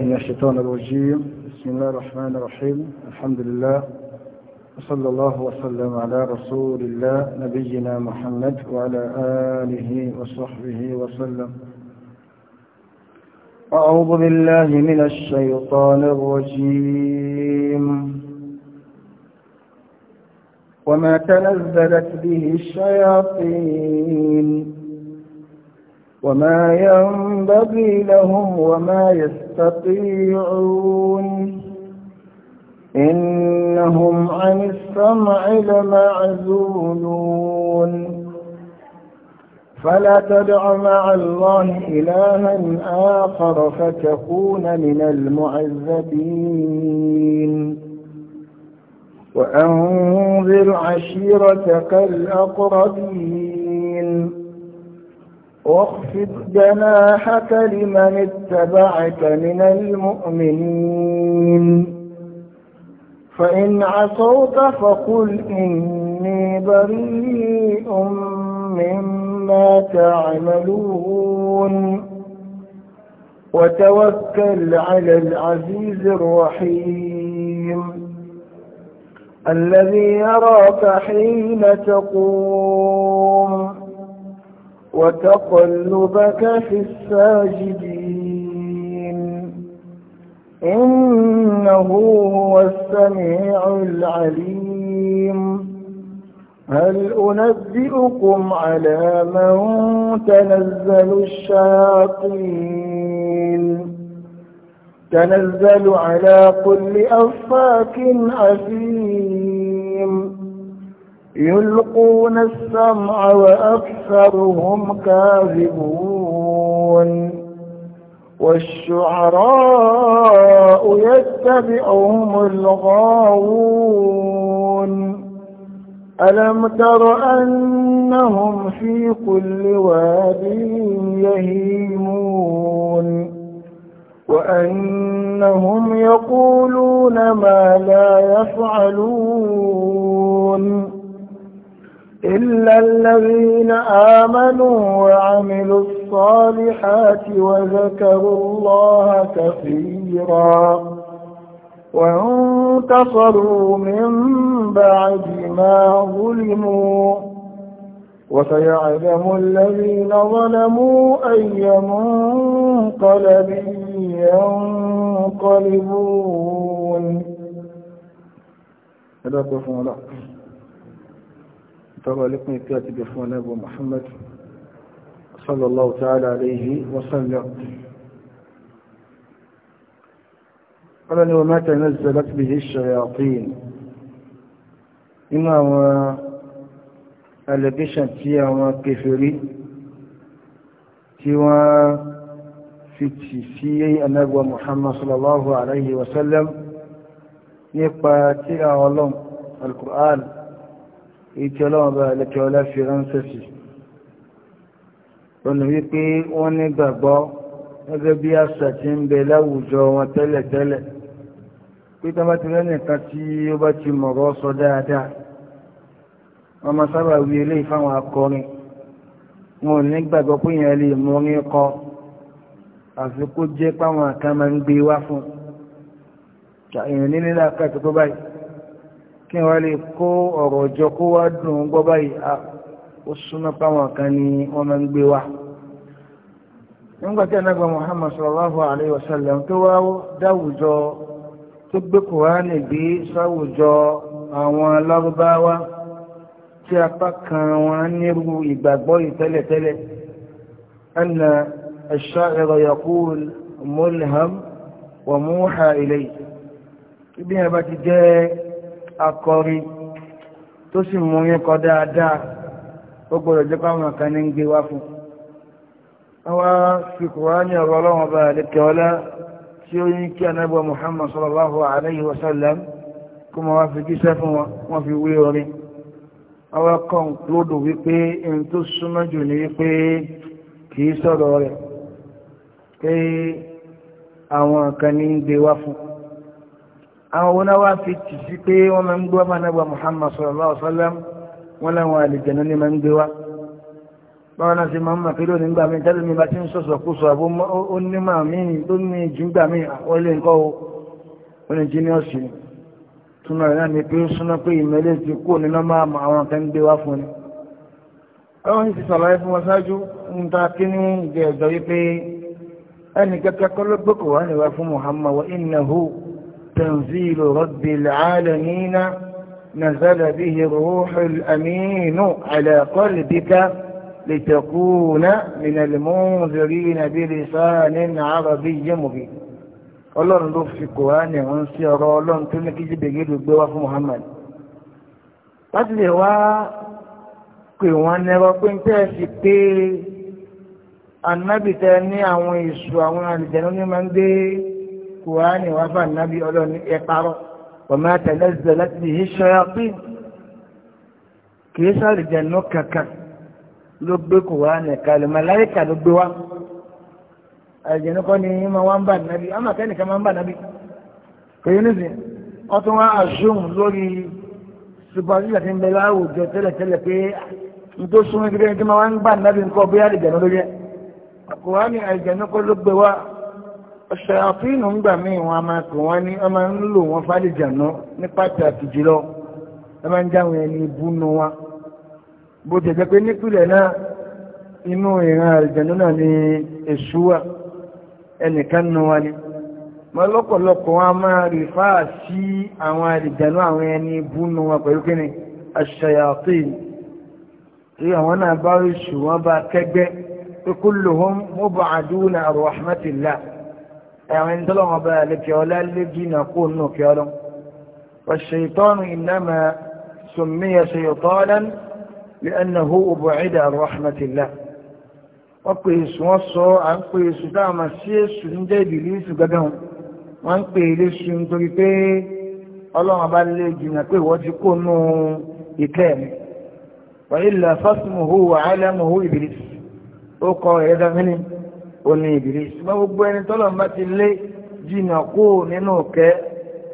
من الشيطان الرجيم بسم الله الرحمن الرحيم الحمد لله وصلى الله وسلم على رسول الله نبينا محمد وعلى آله وصحبه وسلم أعوذ بالله من الشيطان الرجيم وما تنزلت به الشياطين وما ينبغي لهم وما يستطيعون إنهم عن السمع لمعزولون فلا تدع مع الله إلها آخر فتكون من المعذبين وأنذر عشيرتك الأقربين واخفض جناحك لمن اتبعك من المؤمنين فإن عصوت فقل إني بريء مما تعملون وتوكل على العزيز الرحيم الذي يراك حين تقوم وتقلبك في الساجدين إنه هو السميع العليم هل أنبئكم على من تنزل الشياطين تنزل على كل أفاك أثيم يلقون السمع وأكثرهم كاذبون والشعراء يتبعهم الغاوون ألم تر أنهم في كل واد يهيمون وأنهم يقولون ما لا يفعلون إلا الذين آمنوا وعملوا الصالحات وذكروا الله كثيرا وانتصروا من بعد ما ظلموا وسيعلم الذين ظلموا أي منقلب ينقلبون هذا الله tọrọ lékún ìpí àti ìgbẹ̀ fún ọlẹ́bọ̀ Muhammad sallallahu ta'ala alayhi wa sallam ọlọ́ni wa ma tanazzalat bihi ash-shayatin inú àwọn allegation tí àwọn kèfèrí tí wọ́n fi tì sí ẹnẹ́gbọ́ Muhammad sallallahu alayhi wa nípa tíra ọlọ́m al ìtí ọlọ́wọ́n bá ẹlẹ́kẹ́ ọlá fi ránṣẹ́ sí ọ̀nà wípé wọ́n ní gbàgbọ́ gẹ́gẹ́ bí àṣà ti ń bẹ láwùjọ wọn tẹ́lẹ̀tẹ́lẹ̀ pé tó bá ti rẹ́ nìkan tí ó bá ti mọ̀rọ̀ sọ dáadáa wọ́n máa sábà wí eléyìí fáwọn akọrin wọn ò ní gbàgbọ́ pé yẹn lè mú orin kọ àfi jẹ́ páwọn àkàn ń gbé wá fún un èèyàn nílé láàkàtúntò báyìí kí wọ́n lè kó ọ̀rọ̀ ọjọ́ kó wá dùn gbọ́ báyìí ó súnmọ́ páwọn kan ni wọ́n máa ń gbé wá nígbàtí anágbà Muhammad sallallahu alayhi wa sallam tó wá dáwùjọ tó gbé kùránì bí sáwùjọ àwọn lárúbáwá tí apá kan wọn nírú ìgbàgbọ́ ìtẹ́lẹ̀tẹ́lẹ̀ anna ash-sha'ira yaqul mulham wa muha ilayhi ibi yẹn bá ti jẹ́ akọrí tó sì mú yín kọ dáadáa ó gbọ́dọ̀ jẹ́ káwọn kan ní ń gbé wá fún wá fi kùránì ọ̀rọ̀ ọlọ́wọ́n bá ọlá tí ó yín kí anábọ̀ Muhammad sallallahu alayhi wa sallam kó mọ wá fi jíṣẹ́ fún wọn wọ́n fi wé orin àwọn kan lódò wípé tó súnmọ́ jù ní wípé kìí sọ̀rọ̀ rẹ̀ pé àwọn kan ní ń gbé wá fún àwọn onáwà fi tì sí pé wọ́n máa ń gbé wá mánàgbà Muhammad sallallahu alaihi wasallam wọ́n láwọn àlìjẹ̀nà ní máa ń gbé wá báwọn náà sí máa ń mà pé lónìí gbà mí tẹ́lẹ̀ mi bá ti ń sọ̀sọ̀ kú sọ àbó ó ní máa mí tó ní jù gbà mí àwọn ilé nǹkan o ó ní jíníọ̀sì تنزيل رب العالمين نزل به الروح الأمين على قلبك لتكون من المنذرين بلسان عربي مبين ọlọ́run ló fi kòránì ń sí ọ̀rọ̀ ọlọ́run tó ní kí jíbẹ̀ gídù gbé wá fún Muhammad láti lè wá pè wọ́n nẹ́rọ pé ń tẹ́ sí pé anábìtẹ́ ní àwọn èṣù àwọn àlìjẹ̀nú ní máa ń gbé kùránì wá fà nábì ọlọ́ni ẹ parọ́ ọmọ àtẹlẹsẹ láti lè ṣọ́ ya pín kìí sàrìjẹ̀nú kankan ló gbé kùránì kalẹ̀ màláìkà ló gbé wá àrìjẹ̀nú kọ́ ni ma wá ń bà nábì ọmọ akẹ́nìkan máa ń bà nábì kìí nìsín ọtún wá àṣùn lórí supasita ti ń bẹ láwùjọ tẹ́lẹ̀tẹ́lẹ̀ pé n tó súnmọ́ kíkẹ́ tí ma wá ń bà nábì nǹkan bí ṣàfihàn ń gbà míì wọn a máa pè wọ́n ní ọmọ ń lò wọ́n fàdìjànà ní pàtàkì jùlọ ẹ máa ń jáwọn ẹni búnú wa bó ti jẹ́ pé nípìnlẹ̀ náà inú ìran àrìjànà náà ni èṣù wa ẹnìkan nu wa ni mọ́ lọ́pọ̀lọpọ̀ wọn a máa rí sí àwọn àrìjànà àwọn ẹni búnú wa pẹ̀lú kíni aṣàyàfihàn tí àwọn náà bá rí ṣù wọ́n bá kẹ́gbẹ́ kulluhum mub'aduna ar-rahmatillah ẹ̀rin tọ́lọ́wọ́ bá lẹ́kẹ́ ọlá lẹ́gìnà kó nù kí ọlọ́ والشيطان إنما سمي شيطانا لأنه أبعد عن رحمة الله wọ́n pè èsù wọ́n sọ à ń pè èsù dáàmà sí èsù ń jẹ́ ìdìlú ìsù gẹ́gẹ́ wọn wọ́n ń pè èléṣù nítorí pé ọlọ́run bá lè jìnà pé ìwọ́n ti kó nú ìtẹ́ mi wọ́n ilẹ̀ fásitì mòhó wàhálà mòhó ìbìlì òní ìbìrì ṣùgbọ́n gbogbo ẹni tọ́lọ́run bá ti lé jìnà kó nínú kẹ́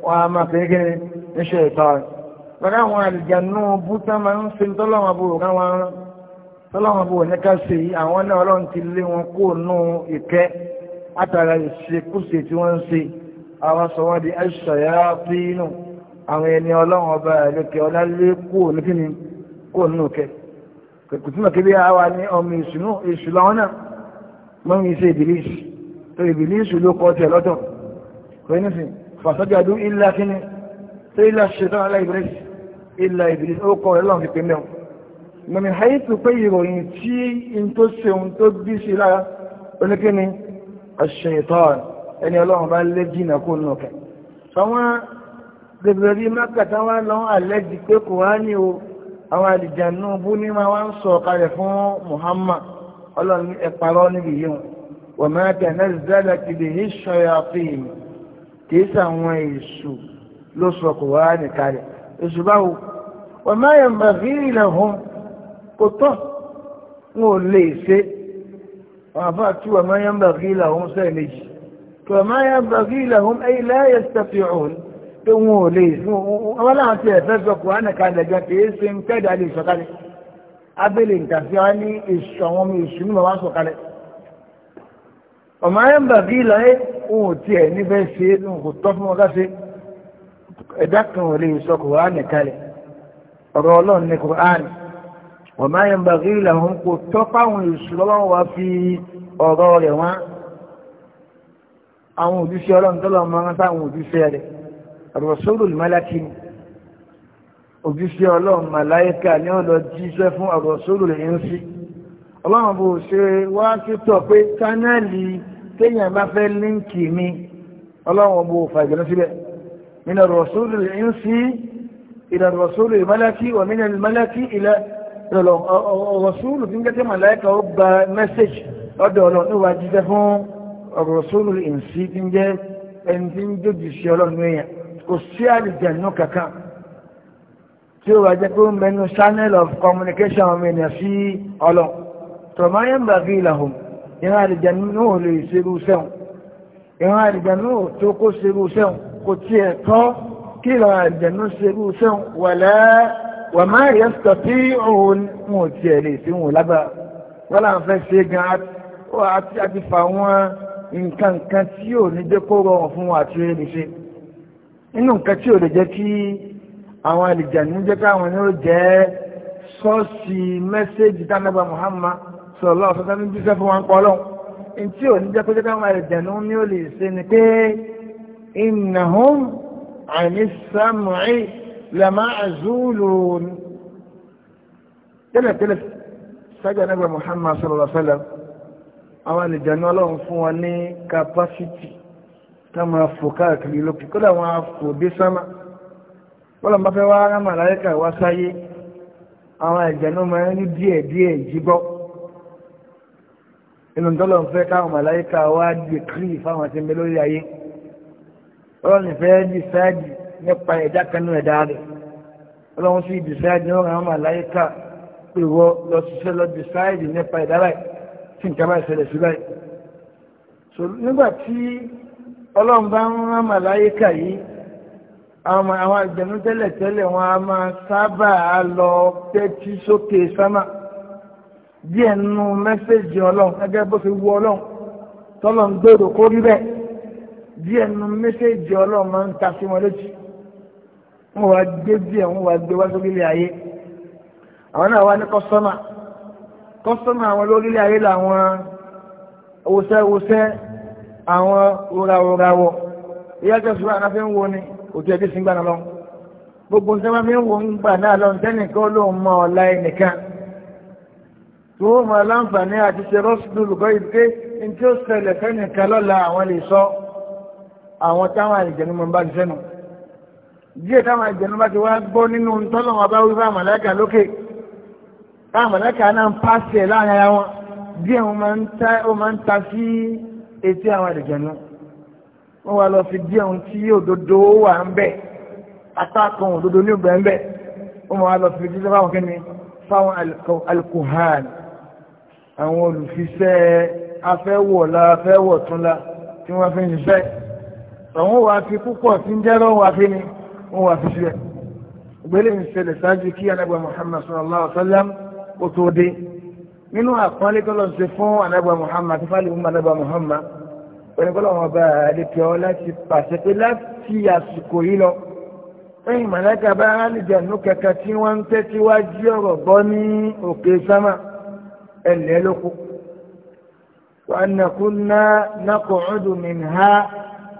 wọn a máa fẹ́ gẹ́rẹ́ níṣẹ́ ìtọ́ pẹ̀lú àwọn àlìjànú bútá máa ń fi tọ́lọ́run àbúrò káwọn tọ́lọ́run àbúrò ní ká ṣe yìí àwọn náà ọlọ́run ti lé wọn kó nú ìkẹ́ látara ìṣekúṣe tí wọ́n ń ṣe àwọn sọ wọ́n di ẹ̀ṣọ̀yà pínú àwọn ẹni ọlọ́run ọba ẹ̀lẹ́kẹ́ ọlálé kó ní kó nínú kẹ́ kò túnmọ̀ kébí àwa ní ọmọ ìṣúná ìṣúná náà mọ́mí iṣẹ́ ìbìlíṣì tó ìbìlíṣì ló kọ́ tẹ̀ lọ́tọ̀ kọ́ínìsìn fàṣọ́jọ́dún ilá kíní tó ilá ṣetán alá ìbìlíṣì ilá ìbìlíṣì ó kọ́ ẹlọ́n fipé mẹ́wọ̀n mọ̀mí haìtù pé ìròyìn tí in tó ṣeun tó bí sí lára oníkíní aṣèǹtọ́n ẹni ọlọ́run bá lé jìnà kó nù kẹ́ sọ́wọ́n bèbèrè mákàtà wá lọ́n àlẹ́jì pé kò wá ní o àwọn àlìjànú bú ní máa wá ń sọ̀ fún Muhammad ọlọ́run ẹ parọ́ níbi yìí wọn wọ́n máa tẹ̀ náà zẹ́lẹ̀ ti lè ní sọ́yà fíìmù kìí sàwọn èṣù ló sọ kò wá nìkalẹ̀ èṣù báwo wọ́n máa yẹ mọ̀ rí ilẹ̀ hàn kò tọ́ wọn ò lè ṣe wọn àfa tí wọ́n máa yẹ ilẹ̀ hàn sẹ́yìn méjì kí wọ́n máa yẹ ilẹ̀ hàn ẹ̀yìn láyé ṣẹ́fì ọ̀hún pé wọn ò lè ṣe wọn láwọn ti ẹ̀fẹ́ sọ wá nìkalẹ̀ gan kìí ṣe ń fẹ́ abẹ́lẹ̀ ìtàfi wọn ní èṣù àwọn ọmọ èṣù ní bàbá sọ̀kalẹ̀ ọmọ ayé ń bà bí ìlàyé ohun tí ẹ̀ níbẹ̀ ṣe é lóhun kò tọ́ fún wọn káṣe ẹ̀dá kan ò lè sọ kùránì kalẹ̀ ọ̀rọ̀ ọlọ́run ní kùránì ọmọ ayé ń bà bí ìlàhún kò tọ́ fáwọn èṣù lọ́wọ́ wa fi ọ̀rọ̀ rẹ̀ wọ́n àwọn òjíṣẹ́ ọlọ́run tọ́lọ́ mọ́rán sáwọn òjíṣẹ́ rẹ̀ rọ̀ṣọ́rò mọ́lákì ni òjíṣẹ́ ọlọ́run màláíkà ní ọ̀lọ́ jíṣẹ́ fún ọ̀rọ̀ sólù rẹ̀ ń sí ọlọ́run bó ṣe wá títọ̀ pé kánẹ́ẹ̀lì téèyàn bá fẹ́ líǹkì mi ọlọ́run bó fàjọ́nà síbẹ̀ nínú ọ̀rọ̀ sólù rẹ̀ ń sí ìlà ọ̀rọ̀ sólù ìmọ́lẹ́kí ọ̀mínà ìmọ́lẹ́kí ìlà ọ̀rọ̀ sólù tí ń gẹ́tẹ́ màláíkà ó gba mẹ́sẹ̀jì ọ̀dọ̀ tí ó wà jẹ́ pé ó mẹ́nu channel of communication ọmọ ènìyàn sí ọlọ tọ̀mọ́ yẹn bà bí ìlàhùn ìran àdìjẹ náà lè ṣerú sẹ́wọ̀n ìran àdìjẹ náà tó kó ṣerú sẹ́wọ̀n kò tiẹ̀ tọ́ kí ìran àdìjẹ náà ṣerú sẹ́wọ̀n wàlẹ́ wà má yẹ sọ tí òun wọn ò tiẹ̀ lè àwọn àlìjànú jẹ́ káwọn ní ó jẹ́ sọ́ọ̀sì mẹ́sẹ́jì tánàbà Muhammad sọ̀lọ́ ọ̀sọ́tá ní jíṣẹ́ fún wọn pọ̀lọ́ tí ò ní jẹ́ kó jẹ́ káwọn àlìjànú ní ó lè ṣe ni pé innahum àní lẹ́mà àzúlùún tẹ́lẹ̀tẹ́lẹ̀ sájà wọ́n lọ́n bá fẹ́ wá rán màláíkà wá sáyé àwọn ẹ̀jẹ̀ náà máa ń rí díẹ̀ díẹ̀ jíbọ́ inú tọ́lọ̀ ń fẹ́ káwọn màláíkà wá di kírì fáwọn ti mi lórí ayé wọ́n lọ́n fẹ́ di sáàdì nípa ẹ̀dá kanú ẹ̀dá rẹ̀ ọlọ́run sì di sáàdì wọ́n rán màláíkà pé wọ́n lọ ṣiṣẹ́ lọ di sáàdì nípa ẹ̀dá rẹ̀ tí nǹkan bá ṣẹlẹ̀ sí báyìí nígbà tí ọlọ́run bá ń rán màláíkà yìí àwọn àjẹnú tẹ́lẹ̀ tẹ́lẹ̀ wọn a máa sábà lọ tẹ́tí sókè sámà díẹ̀ nínú mẹ́sẹ̀jì ọlọ́run gẹ́gẹ́ bó ṣe wù ọlọ́run tọ́lọ̀ ń gbèrò kó rí bẹ́ẹ̀ díẹ̀ nínú mẹ́sẹ̀jì ọlọ́run máa ń ta sí wọn létí wọn wá gbé díẹ̀ wọn wá gbé wá sórílẹ̀ ayé àwọn náà wá ní kọ́sọ́mà kọ́sọ́mà àwọn lórílẹ̀ ayé làwọn òṣèwòṣẹ́ àwọn òràwòràwọ̀ ìyá òtún ẹbí sìn gbàna lọ gbogbo nǹkan máa fi ń wo ń gbà náà lọ nìkan ló ń mọ ọ̀la ẹnìkan tó ó mọ aláǹfààní àti ṣe rọ́ṣùdù lùkọ́ yìí pé n tí ó ṣẹlẹ̀ fẹ́nìkan lọ́la àwọn lè sọ àwọn táwọn àìjẹ̀nu mọ̀ bá ti sẹ́nu díẹ̀ táwọn àìjẹ̀nu bá ti wá gbọ́ nínú ntọ́lọ́wọ́n bá wí fún àmàlẹ́kà lókè táàmàlẹ́kà náà ń pàṣẹ láàrin ara wọn díẹ̀ wọn máa ń ta sí etí àwọn àìjẹ̀nu wọ́n wá lọ fi díẹ̀ ohun tí òdodo wà ń bẹ̀ atákan òdodo ní òbẹ̀ ń bẹ̀ wọ́n wá lọ fi díẹ̀ fáwọn kẹ́ni fáwọn alkohol àwọn olùfisẹ́ afẹ́wọ̀lá afẹ́wọ̀túnlá tí wọ́n fi ń ṣiṣẹ́ àwọn wà fi púpọ̀ tí ń jẹ́rọ wà fi ni wọ́n wà fi ṣiṣẹ́ ìgbélé ń ṣẹlẹ̀ ṣáájú kí anábà Muhammad sallallahu alaihi wa sallam ó tó dé nínú àpọ́nlé tó lọ sí fún anábà Muhammad tí fálẹ̀ mú anábà Muhammad onígbọ́lọ́wọ́ bá àlékè ọ láti pàṣẹ pé láti àsìkò yìí lọ lẹ́yìn màláka bá alìjẹ̀nù kẹ̀kẹ́ tí wọ́n ń tẹ́tí wá jí ọ̀rọ̀ gbọ́ ní òkè sámà ẹ̀lẹ́ lóko wa nakunna naqudu minha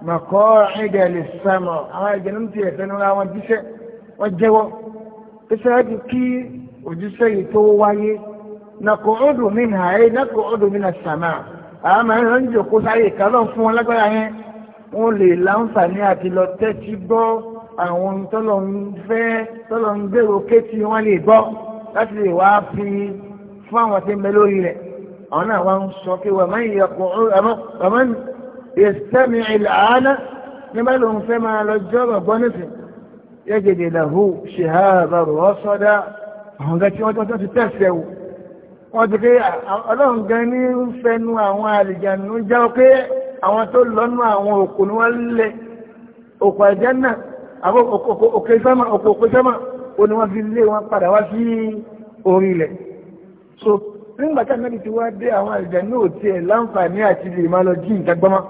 maqa'ida lis-sama àwọn àlìjẹ̀nù ti ẹ̀fẹ́ níra wọn jíṣẹ́ wọ́n jẹ́wọ́ ìṣáájú kí òjíṣẹ́ yìí tó wáyé naqudu minha ẹ̀ naqudu minas-sama àwọn máa ń lọ jòkó sáré ìkálọ̀ fún wọn lágbára yẹn wọ́n lè láǹfààní àti lọ tẹ́tí gbọ́ àwọn tọ́lọ̀ ń fẹ́ tọ́lọ̀ ń gbèrò kétì wọ́n lè gbọ́ láti lè wá fi fún àwọn tí ń bẹ lórí rẹ̀ àwọn náà wá ń sọ pé wà máa ń yẹkùn ọmọ ìsẹ́mi ìlànà nígbà ló ń fẹ́ máa lọ jọ́rọ̀ gbọ́ nísìn yẹ́gẹ̀dẹ̀ làhù ṣèhà bàrọ̀ ọ́sọ́dá àwọn gẹ́gẹ́ wọ́n tọ́ wọ́n ti pé ọlọ́run gan ní ń fẹnu àwọn àlìjànú jẹ́ pé àwọn tó lọ́nú àwọn òkú ni wọ́n lẹ̀ òkú ẹ̀jẹ̀ náà àwọn òkè sọ́mà òkú òkè ó ní wọ́n fi lé wọn padà wá sí orí so nígbà tí ànábì ti wá dé àwọn àlìjànú ò tiẹ̀ láǹfààní àti lè máa lọ jí nǹkan gbọ́mọ́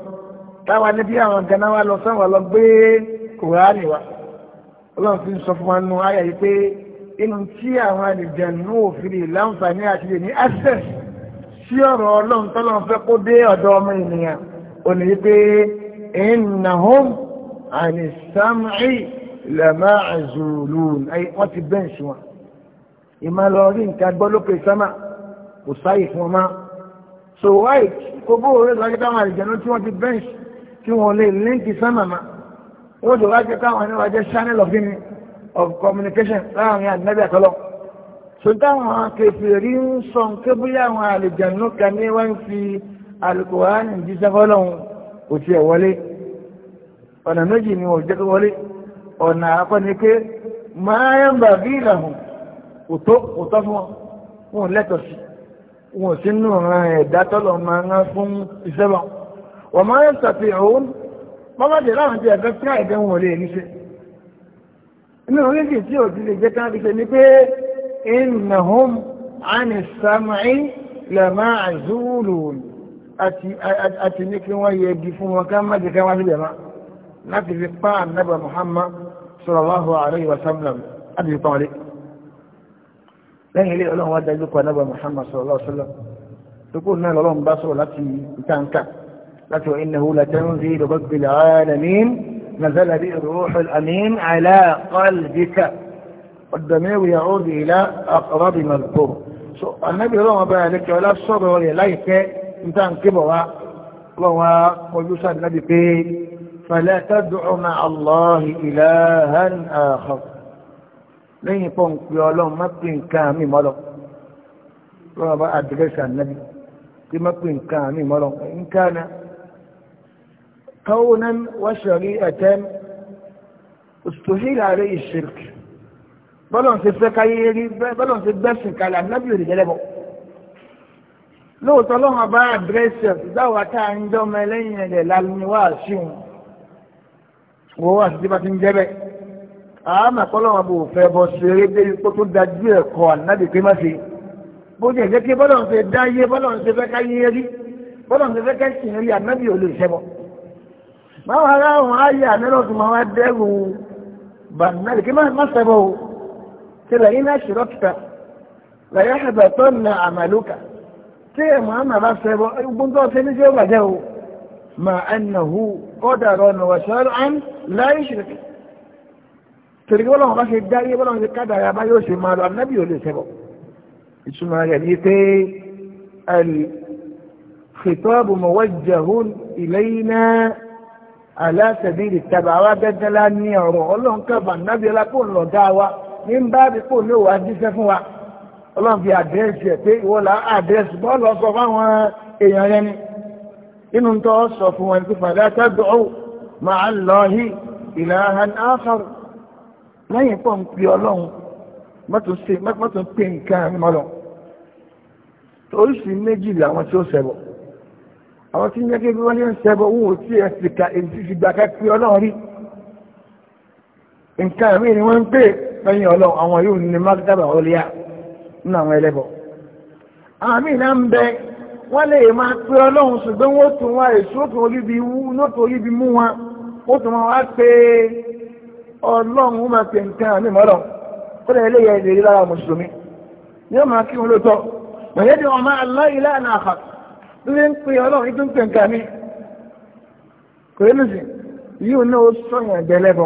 táwa níbi àwọn ganá wa lọ sọ́wọ́n lọ gbé kùránì wa ọlọ́run fi ń sọ fún wa nù áyà yìí pé inú tí àwọn àlìjẹ̀nú òfin ìlànfààní àti lè ní access sí ọ̀rọ̀ ọlọ́run tọ́lọ́run fẹ́ kó dé ọ̀dọ̀ ọmọ ènìyàn ò ní pé innahum àní sámì lẹ́mà àzùlùún wọ́n ti bẹ́ǹsì wọn ìmọ̀ lọ rí nǹkan gbọ́ lókè sámà kò sáyè fún ọmọ so why kò bó orí lọ́jọ́ táwọn àlìjẹ̀nú tí wọ́n ti bẹ́ǹsì tí wọ́n lè líǹkì sámà ma wọ́n jọ wájú káwọn ẹni wájú channel of of communication láàrin ànábì àtọ́lọ́ sọdáwọn kẹfìrí ń sọ nké bóyá àwọn àlejànú kan ní wọ́n ń fi alukóhánì jíṣẹ́ fọ́lọ́hún kò tiẹ̀ wọlé ni òjò tó wọlé ọ̀nà akọ́nike máa ń bà bí ìlàhùn kò tó kò tọ́ fún wọn lẹ́tọ̀ọ́ sí wọn sí nù ran ẹ̀dá tọ́lọ̀ máa ń rán fún iṣẹ́ wọn máa ń tàfi òun mọ́mọ́dé láwọn ti ẹ̀fẹ́ fún àìdẹ́wọ̀n lè ríṣẹ́ inú oríṣi tí ò ti lè jẹ́ tán ṣe ni pé innahum ani sam'i lama azulun àti ní kí wọ́n yẹgi fún wọn ká má jẹ́ ká wá síbẹ̀ máa láti fi pa ànábà Muhammad sallallahu alaihi wa sallam láti fi pa wọlé lẹ́yìn ilé ọlọ́run wá dájú kọ ànábà Muhammad sallallahu alaihi náà lọ́lọ́run bá sọ̀rọ̀ láti ìtànkà láti wọ innahu latanzilu rabbil alamin نزل به الروح الأمين على قلبك والضمير يعود إلى أقرب مذكور النبي الله بارك ولا الصبر ليك إنسان كبر وهو قدوس النبي فيه فلا تدع مع الله إلها آخر لن يكون يولون مبين كامي ملو وهو أدرس النبي في كما كان ملو إن كان قونا وشريئة استحيل عليه الشرك بلون في السكايري بلون في الدرس كلام نبي رجلبه lóòótọ́ lọ́wọ́n bá àdírẹ́sì ìdáwà tá à ń jọmọ ẹlẹ́yìn ẹ̀dẹ̀ lálùmíwá àṣìwọ̀n wo wà sí bá ti ń jẹ́bẹ̀ àmà kọ́lọ́wọ́n bò fẹ́ bọ́ sí eré débi pé tó dájú ẹ̀kọ́ ànábì pé má ṣe bó jẹ́ jẹ́ kí bọ́lọ̀ ń ṣe dáyé bọ́lọ̀ ń ṣe fẹ́ ká yé rí bọ́lọ̀ ń ṣe fẹ́ ká ṣìyẹn rí ànábì ò lè ṣẹ́bọ̀. ما هو هاي يعني لو ما وديه بنال كما ما سبوا تلاقينا شرطة لا يحبطن عملك تي ما ما سبوا وبنتو تني جوا جوا ما انه قدر وشرعا لا يشرك تلقوا لهم غاش الدار يقول لهم كذا يا بايو شي ما النبي اللي سبوا اسمها يعني تي الخطاب موجه الينا aláṣẹ̀bí ìtàbà wa gẹ́gẹ́lá ní ọ̀rọ̀ ọlọ́run kẹfà nábíọ́lá kò lọ dá wa ní ń bá bí kò ní òwà jíṣẹ́ fún wa ọlọ́run fi àdírẹ́sì ẹ̀ pé ìwọ la àdírẹ́sì bọ́ọ̀lù ọsọ fáwọn èèyàn yẹn ni inú tó sọ fún wọn pé fàdá tẹ́gbọ̀ ọ́ máa ń lọ yí ìlànà áfàrù lẹ́yìn pọ̀ ń pè ọlọ́run mọ́tò ń pè nǹkan mọ́lọ́ oríṣìí méjì làwọn tí ó ṣẹbọ àwọn tí ń jẹ́ kí wọ́n lè ń ṣẹbọ owó tí ẹ sì ka èyí ti gbà ká pé ọlọ́run rí nǹkan mi ni wọ́n ń pè lẹ́yìn ọlọ́run àwọn yóò ní mágídábà ọlẹ́yà nínú àwọn ẹlẹ́bọ àwọn míì náà ń bẹ wọ́n lè máa pé ọlọ́run ṣùgbọ́n wọ́n tún wá èso tó oríbi wú lóto oríbi mú wọn ó tún wá pé ọlọ́run máa pè nǹkan mi mọ́lọ̀ kó lè lórí ń pè ọlọ́run ní tó ń pè nǹkan mi kò yé lùsìn yíò náà ó sọ̀yàn ẹ̀dẹ́ lẹ́bọ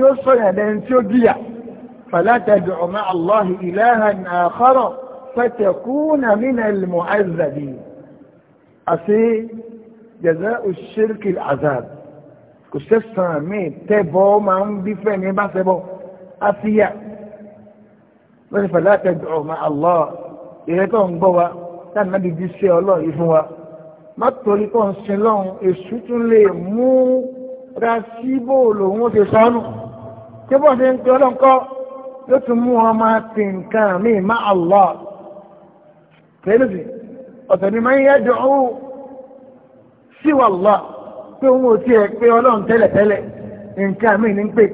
yóò sọ̀yàn ẹ̀dẹ́ tí ó jìyà fàlátàdì ọmọ aláhi ìlàhà àkọ́rọ̀ fẹ́tẹ̀kúnà nínú ẹlẹ́mọ̀ àìzàdì àti jẹ̀zẹ́ òṣìṣẹ́rìkì azad kò sẹ́sàn mí tẹ́bọ̀ máa ń bí fẹ́ ní bá fẹ́bọ̀ á lórí fàlátàdì ọmọ aláhi ìrẹ́tọ̀ ń gbọ́ wa tánàbí jíṣẹ́ ọlọ́run yìí fún wa má torí kọ́ ń sin lọ́run èṣù tún lè mú ra sí bóòlù òun ó ti sánú tí bọ́n ṣe ń pe ọlọ́run kọ́ ló tún mú wọn máa ti nǹkan mi má Allah kẹ́lẹ́sì ọ̀tọ̀ ni máa ń yájọ́ ó sí wà Allah pé òun ò tiẹ̀ pé ọlọ́run tẹ́lẹ̀tẹ́lẹ̀ nǹkan mi ní pè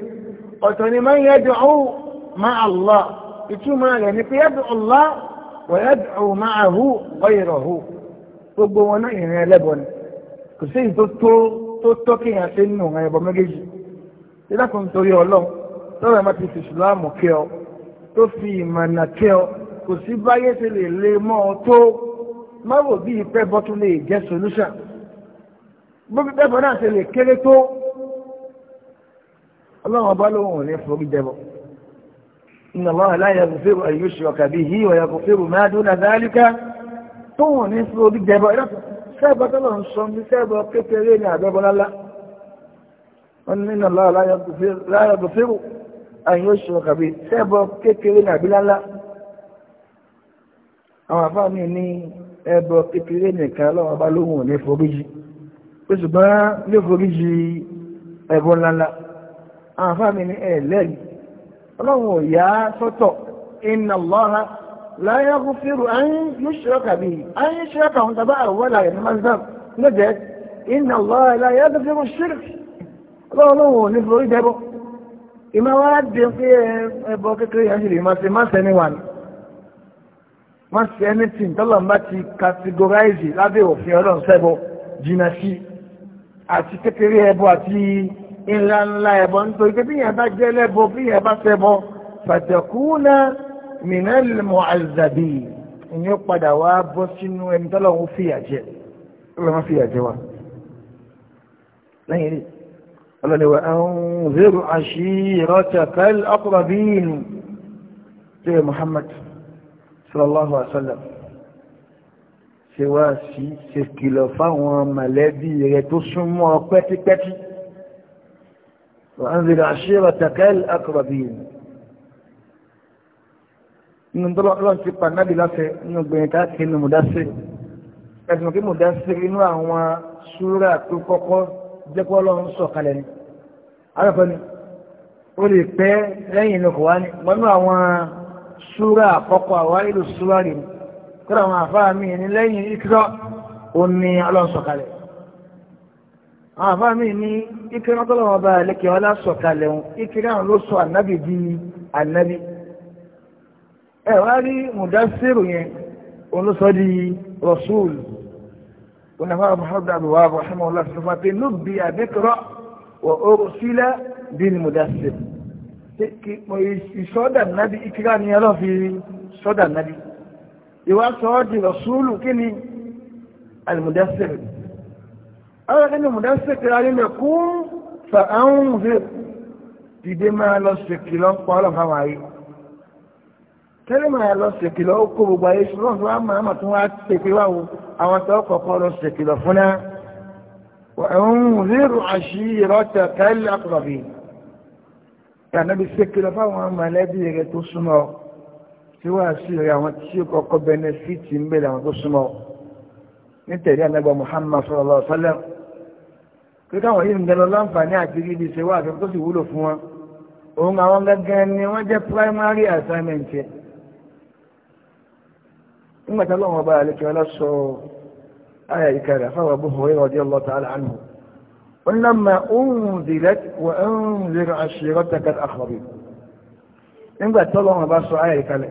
ọ̀tọ̀ ni máa ń yájọ́ ó má Allah ìtumọ̀ rẹ̀ ni pé yájọ́ Allah ويدعو معه غيره gbogbo wọn náà ìrìn ẹlẹ́bọ ni kò sí ìtò tó tó kéèyàn ṣe nínú ọ̀hún ẹbọ méjèèjì tí lákùn torí ọlọ́run tọ́rọ ẹ̀ma ti fi ìsìláàmù kí ọ tó fi ìmọ̀nà kí ọ kò sí báyé ṣe lè lè mọ́ ọ tó má wò bí ìpẹ́ bọ́ tún lè jẹ́ solúṣà bó bí bọ́ náà ṣe lè kéré tó ọlọ́run ọba lóhùn ò ní forí jẹ bọ́ inna Allaha la yaghfiru an yushraka bihi wa yaghfiru ma duna dhalika tó wọ́n ní sí orí jẹbọ ìrọ́pù sẹ́bọ̀ tó lọ ń sọ ní sẹ́bọ̀ kékeré ní àbẹ́bọ̀ lálá wọ́n ní inna Allaha la yaghfiru an yushraka bihi sẹ́bọ̀ kékeré ní àbí lálá àwọn àfáà mi ní ẹbọ kékeré nìkan lọ́wọ́ bá lóhùn ní foríjì ó ṣùgbọ́n ní foríjì ẹbọ lálá àwọn àfáà mi ní ẹ̀ẹ́lẹ́yìí ọlọ́run ò yá sọ́tọ̀ inna Allaha la yaghfiru an yushraka bihi an yushraka àwọn tàbá àwọn àyè ní mazhab lọ́jẹ́ inna Allaha la yaghfiru shirk ọlọ́run ò ní forí dẹ́bọ̀ ìmọ̀ wá dín pé ẹbọ kékeré yẹn anything tọ́lọ̀ bá ti categorize lábẹ́ òfin ọlọ́run sẹ́bọ̀ jìnnà sí ńlá ńlá ẹbọ nítorí pé bí yẹn bá jẹ́ lẹ́bọ bí yẹn bá ṣẹbọ fàtẹ̀kúnà mìíràn mọ̀ àzàbí ìyẹn padà wá bọ́ sínú ẹni tọ́lọ́run fìyà jẹ ọlọ́run fìyà jẹ wa lẹ́yìn rí ọlọ́ni wa anziru ashiratakal aqrabin tí ó Muhammad وأنذر عشيرتك الأقربين nínú tó lọ́n ti pa nábì láfẹ́ nínú gbìyànjú káàkiri nínú mùdásírì ẹ̀sùn kí mùdásírì inú àwọn súrà tó kọ́kọ́ jẹ́kọ́ lọ́n sọ̀kalẹ̀ ni alákọ̀ọ́ ni ó lè pẹ́ lẹ́yìn inú kọ̀wá ni mọ́nú àwọn súrà àkọ́kọ́ àwa ìlú súrà rè àwọn àfáàmì ní ìkírí ọtọ́lọ́wọ́ bá lẹ́kẹ̀ ọlá sọ̀kalẹ̀ wọn ìkírí àwọn ló sọ ànábì di ànábì ẹ wá rí mùdásírù yẹn òun ló sọ di rọ̀ṣúùlù òun náà fáwọn muhammadu abuwa rahman allah sọ fún pé lóbi àbíkọ́rọ́ wọ oru sílẹ̀ bí ni mùdásírù ìsọdà nábì ìkírí àni ọlọ́fi sọdà nábì ìwà sọ́ọ́ di rọ̀ṣúùlù kí ni àlùmùdásírù alága ní mùdá sèkìlá nílẹ̀ kún fa àwọn òfin dìde máa lọ sèkìlọ́ pa ọlọ́fà wáyé tẹ́lẹ̀ máa lọ sèkìlọ́ ó kó gbogbo ayé ṣùgbọ́n fún wa máa mà tún wá pèpè wá wo àwọn tó kọ̀ọ̀kọ́ lọ sèkìlọ́ fún náà wà ń nítẹ̀lé ànágbà Muhammad sallallahu alaihi wasallam pé káwọn yìí ń gẹlọ láǹfààní àti ríbi ṣe wá àfihàn tó sì wúlò fún wọn òun àwọn gẹ́gẹ́ ni wọ́n jẹ́ primary assignment yẹ nígbà tí ọlọ́run ọba àlejò aláṣọ ayà ìkàrà fáwọn Abu Hurairah radiyallahu ta'ala anhu wọn náà máa ń zìlẹ̀ wọ́n ń zìlẹ̀ àṣírọ́tẹ̀kẹ́ àkọ́bí nígbà tí ọlọ́run ọba sọ ayà ìkàlẹ̀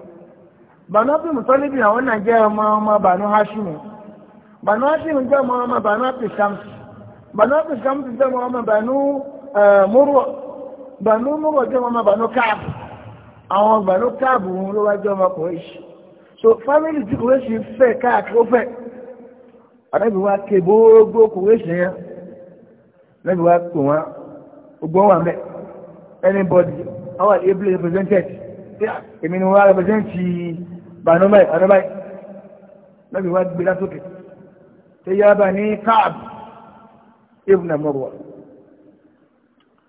bànú ápìmù tó níbi àwọn náà jẹ́ ọmọ ọmọ bànú hashimu bànú hashimu jẹ́ ọmọ ọmọ bànú ápìsàmsì bànú ápìsàmsì jẹ́ ọmọ ọmọ bànú múrò bànú múrò jẹ́ ọmọ bànú káàbù àwọn bànú káàbù ló wá jẹ́ ọmọ kòrèṣì so fámìlì tí kòrèṣì fẹ́ káàkiri ó fẹ́ àrẹ́bí wa ké gbogbo kòrèṣì yẹn lẹ́bí wa pè wọ́n gbọ́n wà mẹ́ anybody our able represented èmi ni wọ́n represent yìí bànú báyìí bànú báyìí lọ́bì wá gbé lásòkè tí yá bá ní káàb ibn Marwa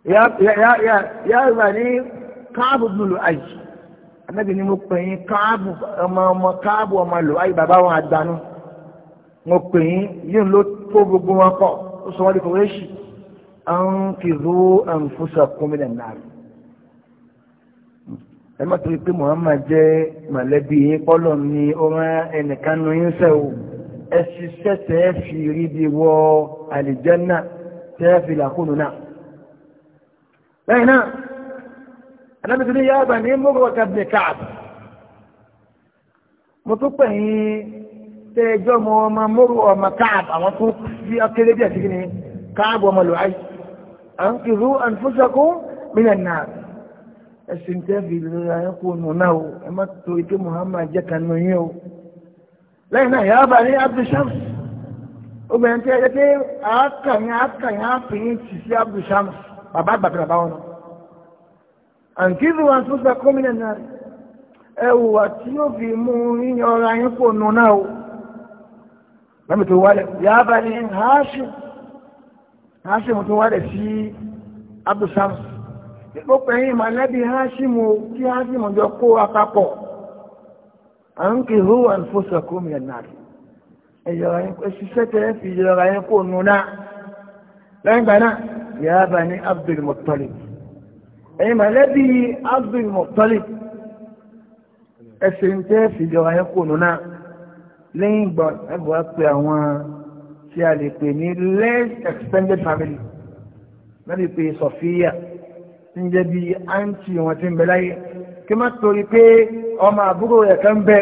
yá bá ní káàb ibn Lu'ay anábì ni mo pè yín káàb ọmọ ọmọ káàb ọmọ Lu'ay bàbá wọn àgbànú mo pè yín yín ló tó gbogbo wọn kọ ó sọ wọn di kò wéṣì àwọn kìrú àǹfùsà kúmílẹ̀ náà ẹ má torí pé Muhammad jẹ́ mọ̀lẹ́bí yín pọ́lọ̀ ni ó rán ẹnìkan nu yín sẹ́ o ẹ ṣiṣẹ́ tẹ́ ẹ fi rí bi wọ àlìjẹ́nà tẹ́ ẹ fi làkúnù náà. lẹ́yìn náà anábìtì ní yáàbà ní mọ́kọ́ kábìnì káàbì mo tún pè yín tẹ́ ẹjọ́ mọ́ ọmọ mọ́rù ọmọ káàbì àwọn tó fi akéré bí kí ni káàbì ọmọ lọ́ọ́ à ń kìlú àǹfọ̀ṣọ́kú mílíọ̀nù náà ẹ̀sìn tẹ́bi ìlera ẹ̀ kó nù náà o ẹ má tó ike Muhammad jẹ́ kan nù yín o lẹ́yìn náà yàrá bá ní Abdushams obìnrin tẹ́ ẹ pé àákàyìn àákàyìn àáfìyín ti sí Abdushams bàbá àgbàdo bàbá wọn. àǹkíbi wọn tún gba gómìnà náà ẹ wùwà tí yóò fi mú yíyan ọ̀rọ̀ ayín kó nù náà o lẹ́mi tó wálẹ̀ yàrá bá ní Hashim Hashim tó wálẹ̀ sí Abdushams mo pẹ̀yìn mọ̀lẹ́bí Hashimu kí Hashimu jọ kó apapọ̀ à ń kì hó àlùfóṣọ̀kú mi ẹ̀nà rẹ̀ ẹ̀yọ̀rọ̀ yẹn kó ṣiṣẹ́ tẹ́ fi yọ̀rọ̀ yẹn kó nu náà lẹ́yìn gbà náà yàrá bá ní Abdul Muttalib ẹ̀yìn mọ̀lẹ́bí Abdul Muttalib ẹ̀sìn tẹ́ fi yọ̀rọ̀ yẹn kó nu náà lẹ́yìn gbà ẹ̀bùn á pe àwọn tí a lè pè ní less extended family lẹ́yìn pé Sọ̀fíyà. njẹbi anti bí àǹtí wọn ti ń bẹ láyé kí má torí pé ọmọ àbúrò rẹ̀ kan bẹ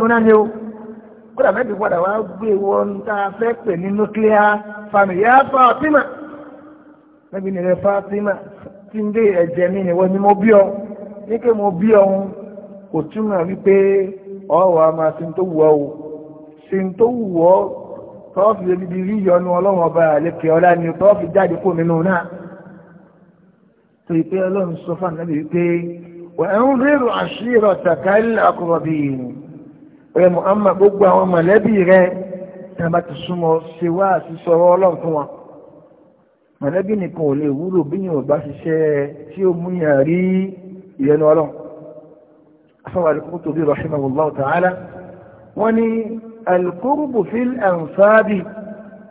wọn o kódà mẹ́bí padà gbé wọn tá a fẹ́ pè ní nuclear family yá Fatima mẹ́bí nìyẹn Fatima tí ń dé ẹ̀jẹ̀ mi ni mo bí ọ ní mo bí kò túmọ̀ wípé a máa ṣe tọ́ọ̀fì odidi rí ìyọnu ọlọ́run ọba àlekè ọlá ni tọ́ọ̀fì jáde kó nínú náà tó yí pé ọlọ́run sọ fún ànábì wípé wà ń rírò àṣírò tàkàlì àkùrọ̀bì rẹ Muhammad gbogbo àwọn mọ̀lẹ́bí rẹ tá a bá ti súnmọ́ ṣe wá àṣìṣọ ọlọ́run fún wọn mọ̀lẹ́bí nìkan ò lè wúlò bí yìí bá ṣiṣẹ́ tí ó mú yàn rí ìyẹnu ọlọ́run afọwọ́ àdìkú tó bí rahimahullah القرب في الأنصاب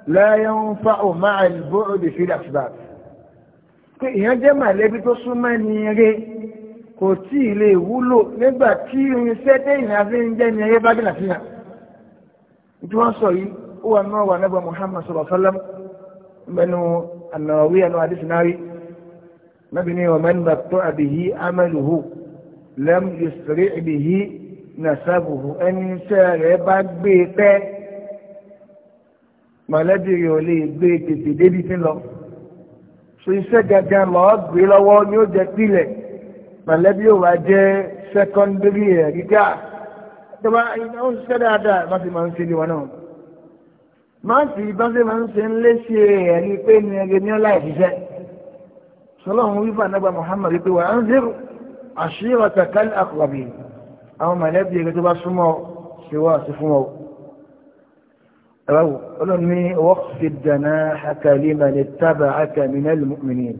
لا ينفع مع البعد في الأسباب pé èèyàn jẹ́ màlẹ́bí tó súnmọ́ ẹni eré kò tí ì lè wúlò nígbà tí irinṣẹ́ téèyàn fi ń jẹ́ ẹni eré bá dìnnà síyàn tí wọ́n sọ yìí ó wà náà wà nábà Muhammad sọ̀rọ̀ sálẹ́m mẹ́nu ànàwí ẹnu àdísínárì nábì ní ọ̀mẹ́ni bàtọ́ àbìyí amẹ́lùhù lẹ́m yusri bihi nàṣàbùhù ẹni iṣẹ́ rẹ̀ bá gbé e pẹ́ mọ̀lẹ́bí rẹ̀ ò lè gbé e tètè débi tí lọ. so iṣẹ́ gangan lọ́ọ́ gbé lọ́wọ́ ni ó jẹ́ pilẹ̀ mọ̀lẹ́bí ò wá jẹ́ sẹ́kọ́ndírì ẹ̀ gíga tó bá ó ń ṣiṣẹ́ dáadáa bá ti máa ń ṣe ní wọn náà. máa ti bá ṣe máa ń ṣe ń léṣe ẹ̀rí pé ní ẹgbẹ́ ní ọlá ìṣiṣẹ́ sọlọ́run wípé ànágbà Muhammad pé wà á ń zèrò àṣírí ọ̀tàkálẹ̀ àkọ́bí àwọn mọ̀lẹ́bí ẹgbẹ́ tó bá súnmọ́ ṣe wá sí fún ọ ẹ̀rọ ọlọ́run ní waqfid janahaka liman ittaba'aka minal mu'minin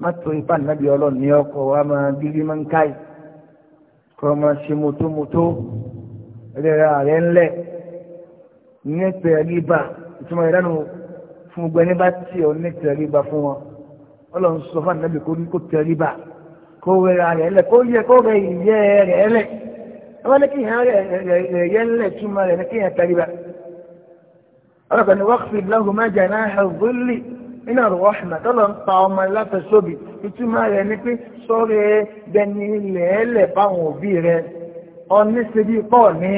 má tó ipá nàbí ọlọ́run ní ọkọ̀ wa máa bíbí máa ń káì kọ́ máa ṣe mọ́tómọ́tó rẹ̀ra rẹ̀ ńlẹ̀ ní tẹ̀ríba kó wẹra rẹ̀ lẹ̀ kó yẹ kó bẹ ìyẹ́ rẹ̀ lẹ̀ wọ́n ní kí hàn rẹ̀ yẹ lẹ̀ túmọ̀ rẹ̀ ní kí hàn tẹríba. ọlọ́kọ̀ ni wọ́n fi lọ́hùn má jà náà hàn wúlì nínú ọ̀rọ̀ ọ̀hìnà tó lọ ń pa ọmọ láti sóbì ìtumọ̀ rẹ̀ ni pé sọ́rẹ́ bẹni lẹ̀ẹ́lẹ̀ báwọn òbí rẹ̀ ọní ṣe bí pọ̀ ní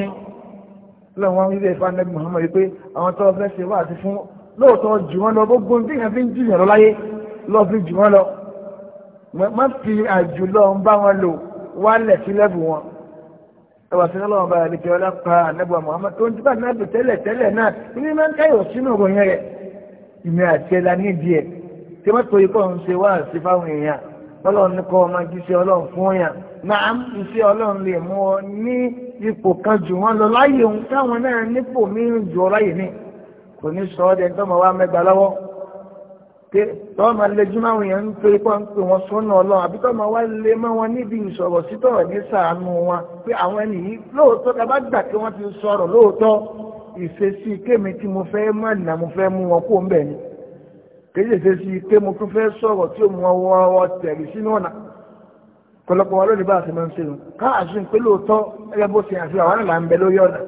lọ́wọ́n wíwé ìfànẹ́bí Muhammad pé àwọn tó fẹ́ ṣe wà àti fún lóòótọ́ jù wọ́n lọ gbogbo ní fi ń jù lọ láyé lọ́ fi jù wọ́n lọ má fi àjùlọ ń bá wọn lò wálẹ̀ sí lẹ́bù wọn ẹwà sí ọlọ́run bá àdìkẹ́ ọlọ́pàá ànábì Muhammad tó ń tí bá ànábì tẹ́lẹ̀ tẹ́lẹ̀ náà ilé máa ń káyọ̀ sínú ìròyìn rẹ̀ ìmọ̀ àti ẹ̀la nídìí ẹ̀ tí wọ́n torí kọ́ ń ṣe wá sí fáwọn èèyàn ọlọ́run ní kọ́ ọmọ jíṣẹ́ ọlọ́run fún yàn máa ń iṣẹ́ ọlọ́run lè mú ọ ní ipò kan jù wọ́n lọ láyé òun táwọn náà nípò mí jù ọ láyé ní kò ní sọ ọ́ pé tọ́wọ́ máa lẹ́jú máwọn èèyàn ń pe ipá ń pe wọn sọ́nà ọlọ́run àbí tọ́wọ́ máa wá lé mọ́ wọn níbi ìsọ̀rọ̀ sítọ̀rọ̀ ní sàánú wọn pé àwọn ẹni yìí lóòótọ́ tá a bá gbà pé wọ́n ti sọ̀rọ̀ lóòótọ́ ìṣesí kémi tí mo fẹ́ má nà mo fẹ́ mú wọn kó ń bẹ̀ ni kéde ìṣesí pé mo tún fẹ́ sọ̀rọ̀ tí òun wọn wọ ọ tẹ̀lé sínú ọ̀nà pọ̀lọpọ̀ wa lónìí bá a ti máa ń ṣe nù káàsùn pé lóòótọ́ ẹgbẹ́ bó ṣe àfihàn àwọn àlà ń bẹ lórí ọ̀nà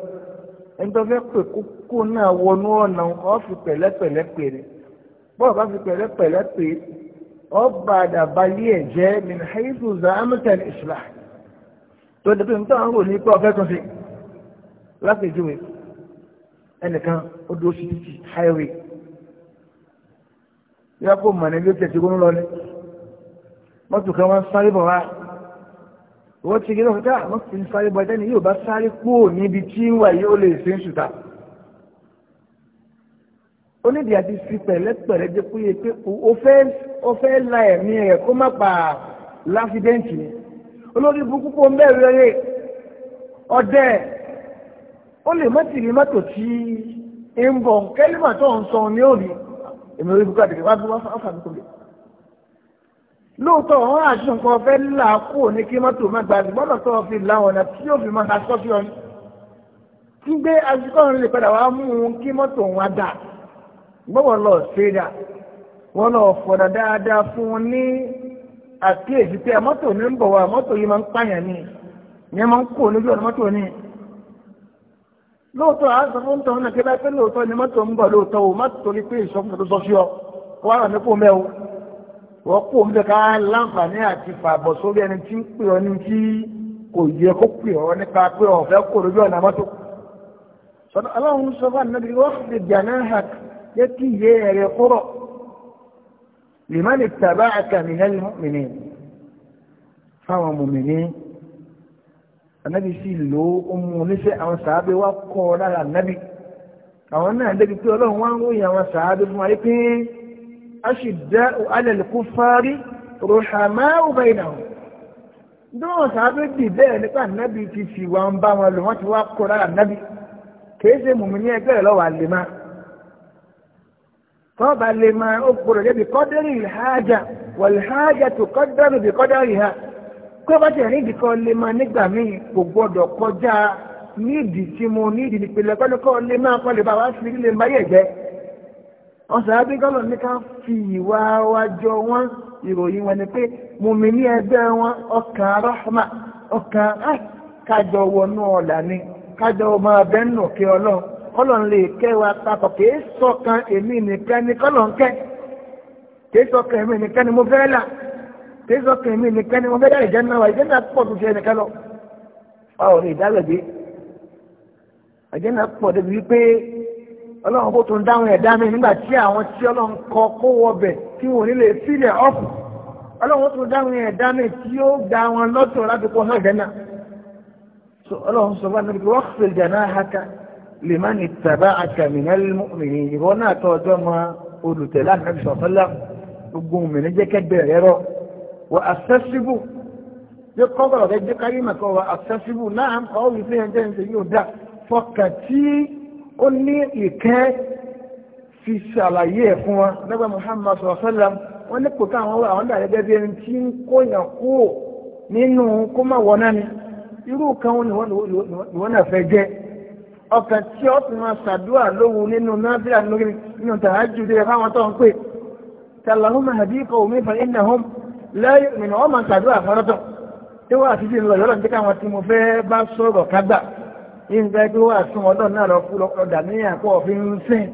ẹni tó fẹ́ pè kókó náà wọnú ọ̀nà ọ̀fì pẹ̀lẹ́pẹ̀lẹ́ pè ní bọ́ọ̀ bá fi pẹ̀lẹ́pẹ̀lẹ́ pé ọ padà balí ẹ̀ jẹ́ minhaizu zamtan islah tó dẹ̀pẹ́ nítorí àwọn òní pé ọ̀fẹ́ kan sí láti ìjúwe ẹnìkan ó dúró sí títì highway yóò kó mọ̀ ní ilé tẹ̀sí gbóná lọ́lẹ́ mọ́tò kan wá ń sáré bọ̀ wá wọ́n ti gé náà ká mọ́tò sáré bọ̀ ẹ̀dẹ́ni yóò bá sáré kúrò níbi tí wà yóò lè ṣe ń ṣùtà onídìí àti fi pẹ̀lẹ́pẹ̀lẹ́ jẹ́ kó yẹ pé o fẹ́ la ẹ̀mí rẹ̀ kó má pa láfidẹ́ǹtì ni olórí burúkú kó ń bẹ̀rẹ̀ rẹ̀ ọdẹ ó lè mọ́tì rí mọ́tò tí ń bọ̀ kẹ́límà tó ń sọ ní òní èmi orí burúkú àdìgbò wá bí wọ́n fà mí kò lè. lóòótọ́ wọn àti nǹkan fẹ́ là kú ní kí mọ́tò má gba àdìgbò lọ́tọ́ tó fi láwọn ọ̀nà tí yóò fi máa ta sọ́fíọ́nù tí gbé aṣíkọ́ gbọ́wọ́ lọ ṣẹ́dà wọ́n lọ fọ̀nà dáadáa fún un ní àkíyèsí pé mọ́tò ní ń bọ̀ wá mọ́tò yìí máa ń pààyàn ní ìyẹn máa ń kó lójú ọ̀nà mọ́tò ní. lóòótọ́ àá sọ fún tọ́hún náà kí bá pé lóòótọ́ ni mọ́tò ń bọ̀ lóòótọ́ o má torí pé ìṣọ́kùnrin tó sọ sí ọ kó wá rà mí kó mẹ́ o wọ́n kó ń bẹ ká láǹfààní àti fàbọ̀ sórí ẹni tí ń pè ọ ní tí kò yẹ kó pè ọ nípa pé ọ̀fẹ́ kó lójú ọ̀nà mọ́tò. sọ jẹ́ kí iye rẹ̀ kúrọ̀ liman ittaba'aka minal mu'minin fáwọn mùmìnì anábì sì lò ó mú oníṣẹ́ àwọn sàábé wá kọ́ ọ lára nábì àwọn náà débi pé ọlọ́run wá ń ròyìn àwọn sàábé fún wa yìí pé ashidda'u 'ala al-kuffari ruhama'u baynahum dóò dì bẹ́ẹ̀ nípa nábì ti fi wá ń bá wọn lò wọ́n ti wá kó lára nábì kìí ṣe ẹgbẹ́ rẹ̀ lọ́wọ́ àlè tọ́ọ̀bà lè máa ó gbọ́dọ̀ débi kọ́dẹ́rì ìhájà wọ̀lhájà tó kọ́dẹ́rì bí kọ́dẹ́rì ha kó bá tẹ̀lé ìdí kan lè máa nígbà míì kò gbọ́dọ̀ kọjá nídìí tí mo nídìí nípìnlẹ̀ kọ́ni kọ́ lè máa kọ́ lè bá wá sí ilé máyé ẹ̀gbẹ́ ọ̀sán abígọ́lọ̀ ní ká fi ìwà wa jọ wọ́n ìròyìn wọn ni pé mo mi ní ẹgbẹ́ wọn ọkàn rahma ọkàn ah, kájọ wọnú ọ̀là ni kájọ ọmọ abẹ́nù kí ọlọ́run kọ́lọ̀n lè kẹ́ wa papọ̀ kìí sọ̀kan èmi nìkan ni kọ́lọ̀n kẹ́ kìí sọ̀kan èmi nìkan ni mo fẹ́ là kìí sọ̀kan èmi nìkan ni mo fẹ́ dáre jẹ́nu wa ìjẹ́nu pọ̀ tó fi ẹnìkan lọ. a ò lè dálẹ̀dé àjẹ́nu pọ̀ débi wípé ọlọ́run kó tó ń dáhùn ẹ̀dá mi nígbà tí àwọn tí ọlọ́run kọ kó wọ bẹ̀ tí wọn ò ní lè fílẹ̀ ọ̀fù لمن اتبعك من المؤمنين وانا توجما اولو تلان النبي صلى الله عليه وسلم قوم من جكت بيرو واستسلم دي قبر دي كلمة واستسلم نعم قولي فيها جنس يهدى فكتي اني اكاد fi ṣàlàyé ẹ̀ fún wa lọ́gbà Muhammad sallallahu alaihi wasallam wọn ní kò táwọn wà àwọn dàgbẹ́ gẹ́gẹ́ bí ẹni tí ń kóyàn kúrò nínú kó má wọ náà ni irú kan wọn ni wọn náà fẹ́ jẹ́ ọkàn tí ó fi máa ṣàdúrà lóhun nínú nábìlà lórí nínú tàájú dé fáwọn tó ń pè tàlàhùn àbí ikọ̀ omi fa iná hom lẹ́yìn ìrìnà ọmọ ṣàdúrà fọ́rọ́tọ̀ tí wọ́n àti ìlọ yọ́rọ̀ nígbà wọn tí mo fẹ́ bá sọ̀rọ̀ kágbà yìí ń gbẹ́ pé wọ́n àtún ọdọ̀ náà lọ fún lọ́kọ̀ dàní àpọ̀ òfin ń sìn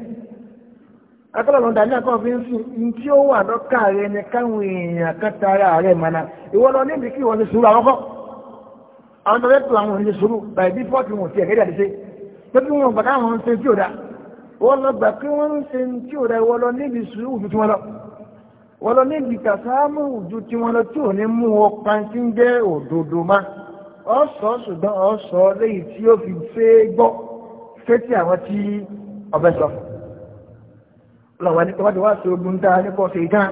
akọ́lọ̀lọ́ dàní àpọ̀ òfin ń sìn ní ó wà lọ́kà rẹ ni káwọn èèyàn kátara rẹ mọ́nà pẹ́kí wọn bàtà àwọn ń ṣe tí o dá wọ́n lọ gbà pé wọ́n ń ṣe tí ò dá wọ́n lọ níbi sùúrù ju tiwọn lọ wọ́n lọ níbi kàsáàmù ju tiwọn lọ tí ò ní mú ọ pàǹtí ń jẹ́ òdòdó má ọ sọ ṣùgbọ́n ọ sọ léyìí tí ó fi ṣe é gbọ́ sétí àwọn tí ọbẹ̀ sọ lọ́wọ́ ní pẹ́wàá ti wá sí ogun tá a nípa ọ̀sẹ̀ ìtàn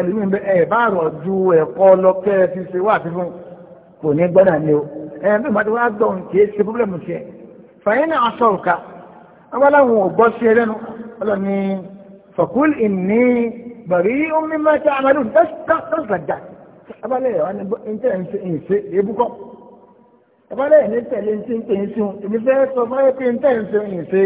ẹlòmíì ń bẹ ẹ̀ bá rọ̀ ju ẹ̀kọ́ lọ kẹ́ ẹ fi ṣe wá àti fún kò ní gbọ́dọ̀ ni o ẹ̀ bí wọ́n ti wá gbọ́ nǹkan ṣe pọ́blẹ́mù tiẹ̀ fàyínà aṣọ òkà abáláwọn ò gbọ́ sí ẹ lẹ́nu ọlọ́ni fọ̀kúl ìní bàrí omi mẹ́ta àmàlù dọ́sàdà abálẹ̀ ẹ̀ wá ní ntẹ̀ ǹṣe ebúkọ́ abálẹ̀ ẹ̀ ní tẹ̀lé ntẹ̀ ntẹ̀ ǹṣe èmi fẹ́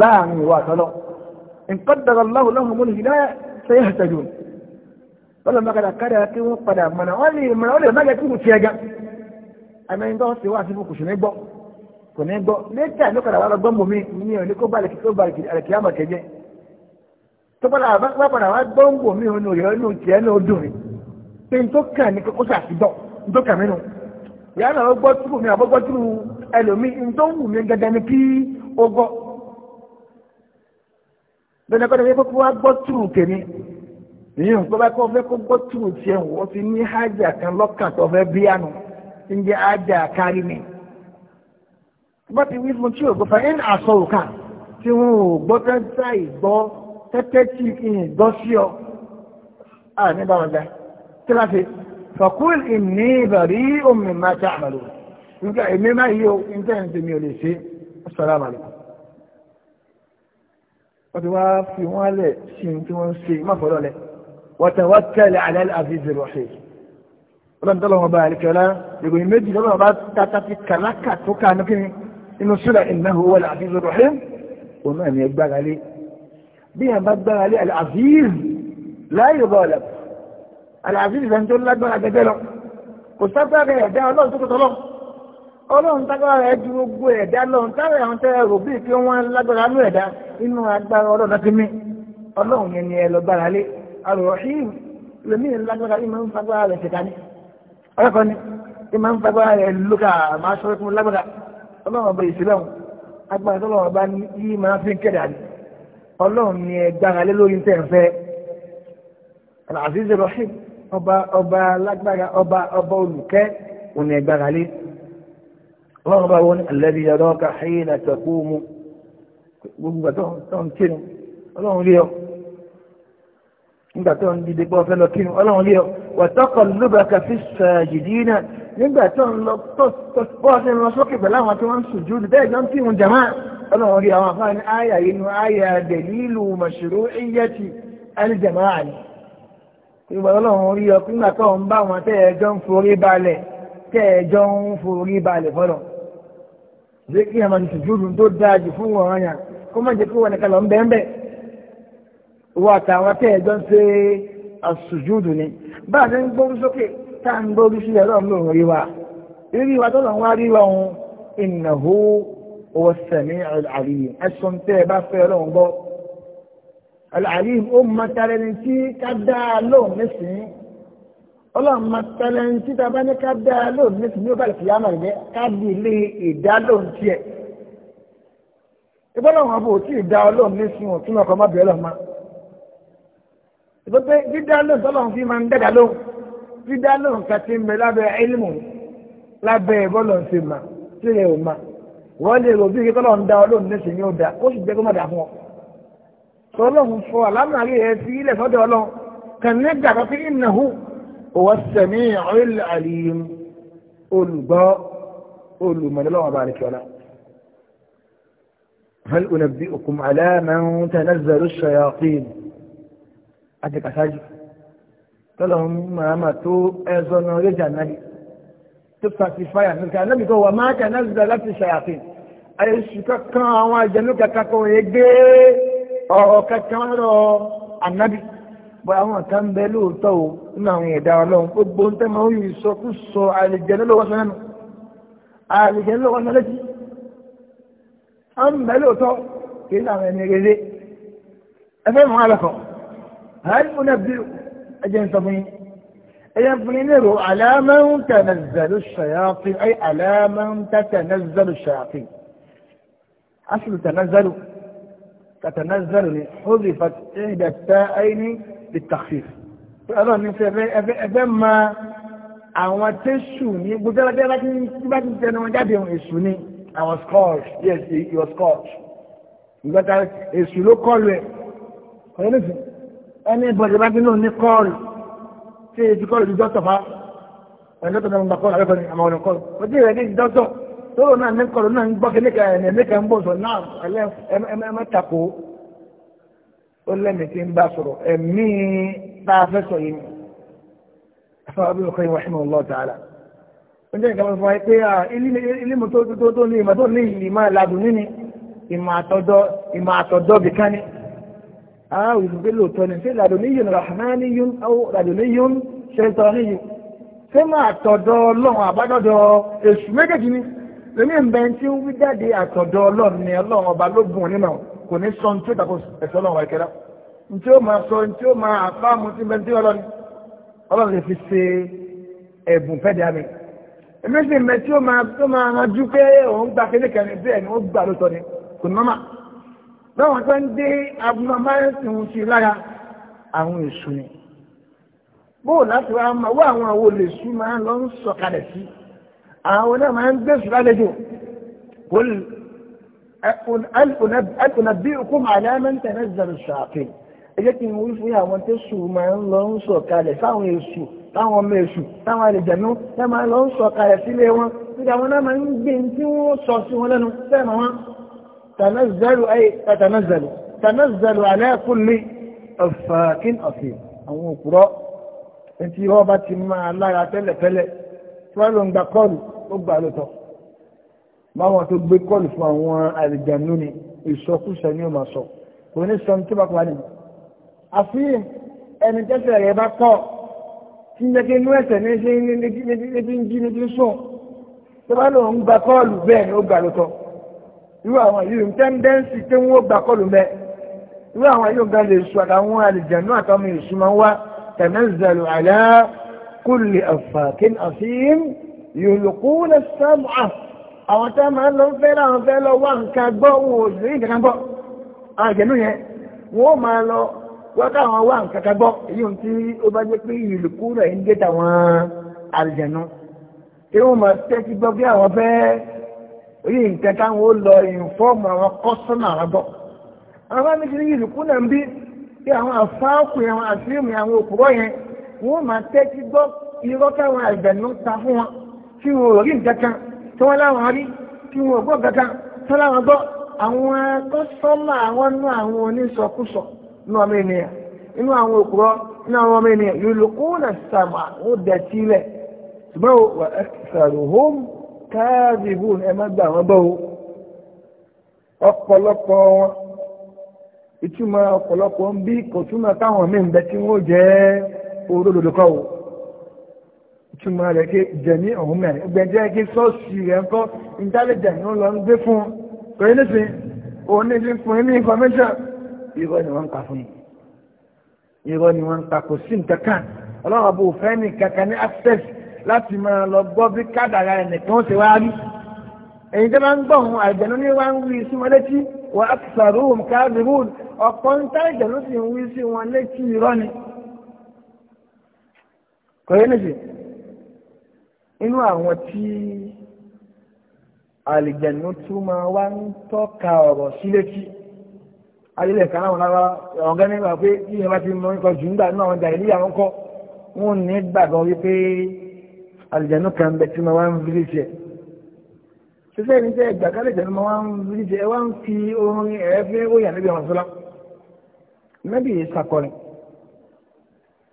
láàrin ìwà àtọ́lọ́ nǹkan dàgbà láhùn mọ́lù hìdáyà ṣe é lọ́lọ́mọ kadà kádà kí wọ́n padà mọ̀nà wọ́n lè mọ̀nà wọ́n lè má jẹ́ kí kò tiẹ̀ gan àmì tó ń ṣe wá sí fún kò sì ní gbọ́ kò ní gbọ́ létà ló kadà wà lọ gbọ́n bòmí ní ò ní kó bá àlèkí tó bá àlèkí àmọ̀ kẹjẹ tó padà wá padà wá gbọ́n bòmí òun òyìnbó inú tiẹ̀ ní odò rẹ̀ pé n tó kàn ní kókó sàtìgbọ́ n gbọ́ n tó wù mí gẹ́gẹ́ yìí nǹkan bá kọ́ fẹ́ kó gbọ́ tùrù tiẹ̀ wọ́n ti ní hájà kan lọ́kàn tó fẹ́ bí àná ń jẹ́ hájà kárí mi. bá ti wí fún tí o gbọ́ fa ẹni àsọ òkà tí wọn ò gbọ́ tẹ́tẹ́ ìgbọ́ tẹ́tẹ́ tí ìyìn gbọ́ sí ọ. a ní bá wọn dá kí láti fàkúl ìní ìbàrí omi máa ta àmàlò nígbà èmi máa yí o íńtánẹ̀tì mi ò lè ṣe assalamu alaikum. wọ́n ti wá fi wọ́n lẹ̀ sí ní tí wọ́n ń ṣe má fọ́ lọ́lẹ̀. وتوكل على العزيز الرحيم ọlọ́run tó lọ́wọ́ báyìí kẹ́lá ìròyìn méjì lọ́wọ́ bá tata fi kàlákà tó ká ní kí inú sílẹ̀ innahu wal azizur rahim òun náà ní ẹgbára lé bí yàn bá gbára lé al-aziz la yughalab al-aziz ìfẹ́ tó lágbára gẹ́gẹ́ lọ kò sábà rẹ̀ ẹ̀dá ọlọ́run tó tọ́lọ́ ọlọ́run tágbára rẹ̀ ju gbogbo ẹ̀dá lọ́run táwọn ẹ̀hún tẹ́ rò bí kí wọ́n lágbára nú ẹ̀dá inú agbára ọlọ́run láti mí ọlọ́run yẹn ni ẹ lọ gbára lé arọ̀hìm lèmi ńlágbára ìmọ̀ ń fagbára rẹ̀ ṣẹ̀ta ni ọlọ́kọ ni ìmọ̀ ń fagbára rẹ̀ lókà máa sọ fún lágbára ọlọ́run ọba ìṣẹ̀lẹ̀ wọn agbára tó lọ́wọ́ bá ní yí máa fi ń kẹ̀dà ni ọlọ́run ni ẹ gbára lé lórí tẹ̀ ń fẹ́ àlàzíze rọ̀hìm ọba ọba lágbára ọba ọba olùkẹ́ òun ni lé ọlọ́run ọba wọn alẹ́bí ọlọ́ka ṣẹ́yìn àtẹ̀kùn mu gbogbo àtọ̀ tó nígbà tó ń dìde pọ́ fẹ́ lọ kírun ọlọ́run lé ọ wàtọ́kọ̀ lóba kàfi sàjìdínà nígbà tó ń lọ pọ́ sí lọ sókè pẹ̀lú àwọn tí wọ́n ń sùjú bẹ́ẹ̀ jọ ń kírun jàmá ọlọ́run rí àwọn afáàní àyà inú àyà dẹ̀lílù mọ̀ṣúrú iyẹ́tì alìjàmá àní. ìgbà ọlọ́run rí ọ nígbà tó ń bá wọn tẹ́ ẹ ń forí balẹ̀ tẹ́ ẹ ń forí balẹ̀ fọlọ̀ jẹ́ kí àwọn sùjú tó dáa jù fún wọn yàn kó má jẹ́ kí wọn nìkan ń bẹ́ẹ̀ wọ àtàwọn tẹ́ ẹ̀jọ́ ń ṣe àṣùjúdù ni bá a ṣe ń gbórí sókè tá à ń gbórí sílẹ̀ lọ́rùn lòun rí wa rírí wa tọ́lọ̀ ń wá rí lọ́hun ìnáwó owó sẹ̀mí ẹ̀sùn tẹ́ ẹ bá fẹ́ ọlọ́run gbọ́ àlìyé ó mọ tẹ́lẹ̀ ní tí ká dá a lóun nísìnyí ọlọ́run mọ tẹ́lẹ̀ ní tí tá bá ní ká dá a lóun nísìnyí ó bá lè fi yá màlẹ́ ká di ilé ìdá lóun tiẹ̀ ìbọ́lọ́run ọ̀bọ̀ tí ì ọlọ́run nísìnyí ò ìgbẹ́pẹ́ dídá lóhùn tọ́lọ́hùn fi máa ń dẹ́dà lóhùn dídá lóhùn kàtí ń bẹ lábẹ́ ilmu lábẹ́ bọ́lọ̀ ṣe mà tí rẹ̀ ò mà wọ́n lè rò bí kí tọ́lọ́hùn dá ọ lóhùn lẹ́sìn yóò dá ó sì jẹ́ kó fún ọ. tọ́lọ́hùn fọ àlámàrí ẹ fi ilẹ̀ sọ́dọ̀ ọlọ́hùn kàn ní gbàgbọ́ ìnáhù òwò sẹ̀mí ọ̀hìn àlìm olùgbọ́ olùmọ̀lẹ́lọ́wọ̀n هل أنبئكم على من تنزل الشياطين àti kàṣáájú tọ́lọ̀ màmá tó ẹ̀zọ́ náà lè jà náà tó sacrifice nìkan anábì kan wà máa kà náà zùdà láti ṣàyàfin àyẹ̀sù kankan àwọn àjẹnú kankan kan yẹ gbé ọ̀rọ̀ kankan rọ anábì bọ́ àwọn kan bẹ lóòótọ́ o nínú àwọn ẹ̀dá ọlọ́run gbogbo ń tẹ́ máa ń yìí sọ kú sọ àlìjẹ́nú lọ́wọ́ sọ nánu àlìjẹ́nú lọ́wọ́ sọ létí àwọn bẹ lóòótọ́ kì í sàwọn ẹni rere ẹ fẹ́ mọ́ àlọ́kọ̀ọ́ هل أنبئكم أجل تضمين أي يضمينه على من تنزل الشياطين أي على من تتنزل الشياطين أصل تنزل تتنزل حذفت إحدى التائين للتخفيف فأرى من فما àwọn tẹ́sù ní gbogbo bá ti tẹnu wọn jáde ohun èṣù ni àwọn scotch yes your scotch ìgbàta èṣù ló kọlu ẹ̀ ọ̀rẹ́ nìsín ẹni bọ̀dẹ̀ bá bínú ní kọ́ọ̀lù tí èdè kọ́ọ̀lù di dọ́tọ̀ bá ẹni dọ́tọ̀ náà ń gba kọ́ọ̀lù àbẹ́fẹ́ ni àmọ́ ọ̀nà kọ́ọ̀lù ó dé ìrẹ́dí dọ́tọ̀ tó náà ní kọ́ọ̀lù náà ń gbọ́ kí níka ẹ̀nẹ̀ níka ń bọ̀ sọ náà ẹ̀mẹ́ tako ó lẹ́mìí tí ń bá sọ̀rọ̀ ẹ̀mí tá a fẹ́ sọ yìí ni afẹ́ abúlé kọ́ yìí wàhímọ̀ lọ́ tààlà ó jẹ́ ìkàwé fún wa pé ilé tó ní ìmọ̀ tó ní ìmọ̀ ládùn nínú ìmọ̀ àtọ̀dọ̀ bìkan ni àwọn olùgbé lóòótọ́ ni ṣé làdùnníyùn rahmaniyun aw làdùnníyùn ṣètọ́níyùn ṣé máa tọ̀dọ̀ ọlọ́run àbádọ́dọ̀ èṣù méjèèjì ni lèmi ń bẹ tí ń wí jáde àtọ̀dọ̀ ọlọ́run ni ọlọ́run ọba ló gùn nínú kò ní sọ tí ó tako ẹ̀sọ́ ọlọ́run àìkẹ́lá tí ó máa sọ tí ó máa àfáàmù tí bẹ tí ọlọ́run ọlọ́run lè fi ṣe ẹ̀bùn fẹ́ dáa mi èmi sì ń bẹ tí ó máa tó máa ranjú pé òun gba kékeré bẹ́ẹ̀ ni ó gbà lóòótọ́ ni kò ní báwọn tó ń dé abnormality ń ṣe lára àwọn èṣù ni bóò láti wá máa wá àwọn àwọn olèṣù máa ń lọ ń sọ̀kalẹ̀ sí àwọn náà máa ń gbèsù lálejò kòlì alùnàbíkú àlámẹ́ntẹ̀ náà táwọn ọmọ èṣù táwọn àlejànú náà máa lọ ń sọ̀kalẹ̀ sílé wọn nígbà wọn náà máa ń gbé tí wọ́n sọ sí wọn lẹ́nu fẹ́ràn wọn. تنزل أي تتنزل تنزل على كل أفاك أثيم àwọn òkúrọ́ ẹtí wọ́n bá ti máa lára tẹ́lẹ̀tẹ́lẹ̀ tí wọ́n lọ ń gba kọ́ọ̀lù ó gbà lóòótọ́ báwọn tó gbé kọ́ọ̀lù fún àwọn àlìjànú ni ìsọkúsọ ni ó máa sọ kò ní sọ ní tó bá pa nìyí. àfihàn ẹni tẹ́tẹ̀ rẹ̀ bá kọ́ tí ń jẹ́ kí inú ẹ̀sẹ̀ ní ṣe ní ti ń jí ní ti ń sùn tó bá lọ ń gba kọ́ọ̀lù bẹ́ẹ̀ ni ó gbà lóòótọ́ irú àwọn yìí tẹ́ndẹ́ǹsì pé wọ́n gbà kọlù mẹ́ irú àwọn yìí gan lè sọ àtàwọn àlìjànú àtọmọ ìsúnmọ́ wá tẹ̀mẹ́zẹ̀lù àlá kúlì àfàkín àfihìm yòlùkú lè sábà àwọn tá máa lọ fẹ́ láwọn fẹ́ lọ wá nǹkan gbọ́ wọn ò sí nǹkan gbọ́ àwọn àjẹnú yẹn wọ́n máa lọ wọ́n káwọn wá nǹkan gbọ́ èyí ohun tí ó bá jẹ́ pé yòlùkú rẹ̀ ń dé orí nǹkan táwọn ó lọ ìfọ́ọ̀mù àwọn kọ́sọ́nà àràbọ̀ àwọn amíkiri yìí kú náà ń bí àwọn àfáàkù àwọn àfíìmù àwọn òkúrọ̀ yẹn wọ́n máa tẹ́tí gbọ́ irọ́ táwọn àgbẹ̀nú ta fún wọn tí wọn ò rí nǹkan kan tí wọ́n láwọn rí wọn ò gbọ́ nǹkan kan tí wọ́n láwọn gbọ́ àwọn kọ́sọ́nà àwọn nú àwọn nú ọmọ ènìyàn inú káàdìbù ẹ má gbà wọ́n bọ́ o ọ̀pọ̀lọpọ̀ wọn ìtumọ̀ ọ̀pọ̀lọpọ̀ ń bí kò túmọ̀ táwọn míì ń bẹ tí wọ́n jẹ́ olódodo kọ́ o ìtumọ̀ rẹ̀ ké jẹ̀mí ọ̀hún mẹ́rin gbẹ̀jẹ́ kí sọ́ọ̀sì rẹ̀ ń kọ́ intelligent ń lọ ń gbé fún un kò yín nísìn òun ní fi fún yín ní information irọ́ ni wọ́n ń kà fún yín irọ́ ni wọ́n ń kà kò sí nǹkan kan ọlọ́run àbò òfẹ́ ní kankan ní access láti máa lọ gbọ́ bí kádàrá ẹnìkan ṣe wá rí èyí tó bá ń gbọ̀ ohun àìjẹ̀nú ní wá ń wí sí wọn létí wà á sọ̀rọ̀ ohun káàbìrún ọ̀pọ̀ ń tá ìjẹ̀nú sì ń wí sí wọn létí irọ́ ni kò yé inú àwọn tí àlìjẹ̀nú tún máa wá ń tọ́ka ọ̀rọ̀ sí létí ayílẹ̀ kan àwọn lára ọ̀gá nígbà pé kí ìyẹn bá ti mọ ikọ̀ jù ń gbà nínú àwọn jàìlì àwọn kọ́ wọn ní gbàgbọ́ wípé àlìjáná kan bẹ tí mo wá ń bírí jẹ ṣíṣẹ́ ní jẹ́ ìgbà kálẹ̀ jẹ́nu mo wá ń bírí jẹ ẹ wá ń fi orin ẹ̀ fi ó yà níbi ọ̀rọ̀ sọ́lá mẹ́bí yìí ṣàkọrin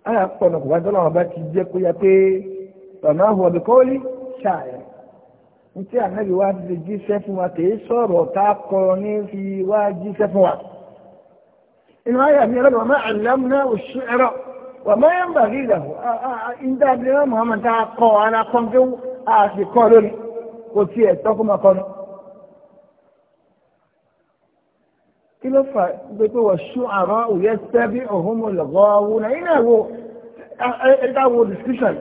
àyà pọ̀nà kò wá dọ́là wọn bá ti jẹ́ kó yá pé ọ̀nà àwọn ọ̀dọ̀ kọ́ọ́lì ṣàyẹ̀ nítí ànábì wá ti jíṣẹ́ fún wa kì í sọ̀rọ̀ tá a ní fi wá jíṣẹ́ fún wa inú àyà mi ọlọ́dọ̀ máa wà máa ń bà lílà ìdá abúlé Muhammad tá a kọ ara kan tó a sì kọ lórí kò tiẹ̀ tọ́kùn máa kọ́nu. kí ló fà gbé pé wọ́n ṣú àrọ́ òye sẹ́bí ọ̀hún lọ́gọ́ owó náà iná wo ẹ̀dá wo description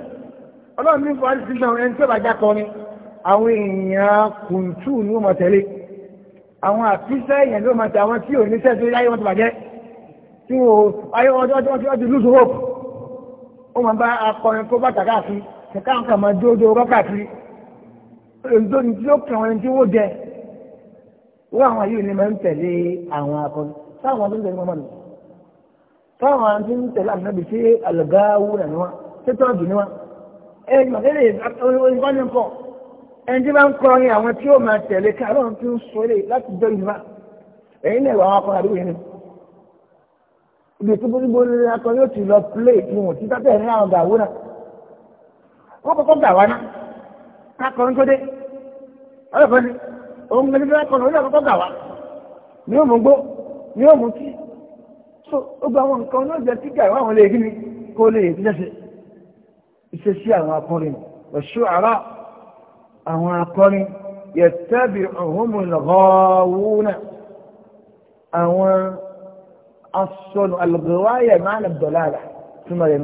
ọlọ́run ní fún description ẹni tó bá já kọrin àwọn èèyàn kùntù ni wọ́n mọ̀ tẹ̀lé àwọn àfíṣẹ́ èèyàn ló mọ̀ tẹ̀ àwọn tí ò ní sẹ́sẹ́ láyé wọn ti bàjẹ́ tí wọ́n ayé ọjọ́ ọjọ́ ọjọ́ ti lose hope ó máa bá akọrin kó bàtà káàkiri kẹ̀kẹ́ àwọn kan máa dóódó rọ́kàkiri èdò ní tí ó kàn wọn tí wọ́n jẹ wọ́n àwọn yìí ni máa ń tẹ̀lé àwọn akọrin táwọn tó ń tẹ̀lé mọ́mọ́ nù táwọn tó ń tẹ̀lé ànábì sí àlùgáwù nà ní wọn tó tọ́jú ní wọn ẹ̀yìn ọ̀gẹ́lẹ̀ ìfọ́nìkọ̀ ẹni tí bá ń kọrin àwọn tí ó máa tẹ̀lé ká lóun ń sọ ibi tí bóníbó ní akọ yóò ti lọ plé ìwọ̀n tí tọ́tẹ̀ ní àwọn gàwó náà wọ́n kọ́kọ́ gbà wá náà kákọ́ ń tó dé ọlọ́pàá ni òun gbé nígbà kọ́nà ó lè kọ́kọ́ gbà wá ni ó mú gbó ni ó mú kí so ó gba àwọn nǹkan náà jẹ́ kíkà ìwà àwọn lè mi kó lè yẹ kíjẹ́ sí àwọn akọrin ọ̀ṣọ́ àrà àwọn akọrin yẹ̀tẹ́bì ọ̀hún mú lọ́wọ́ náà àwọn asọnù alùpùpù máa nà dọ̀láàlà túmọ̀ rẹ̀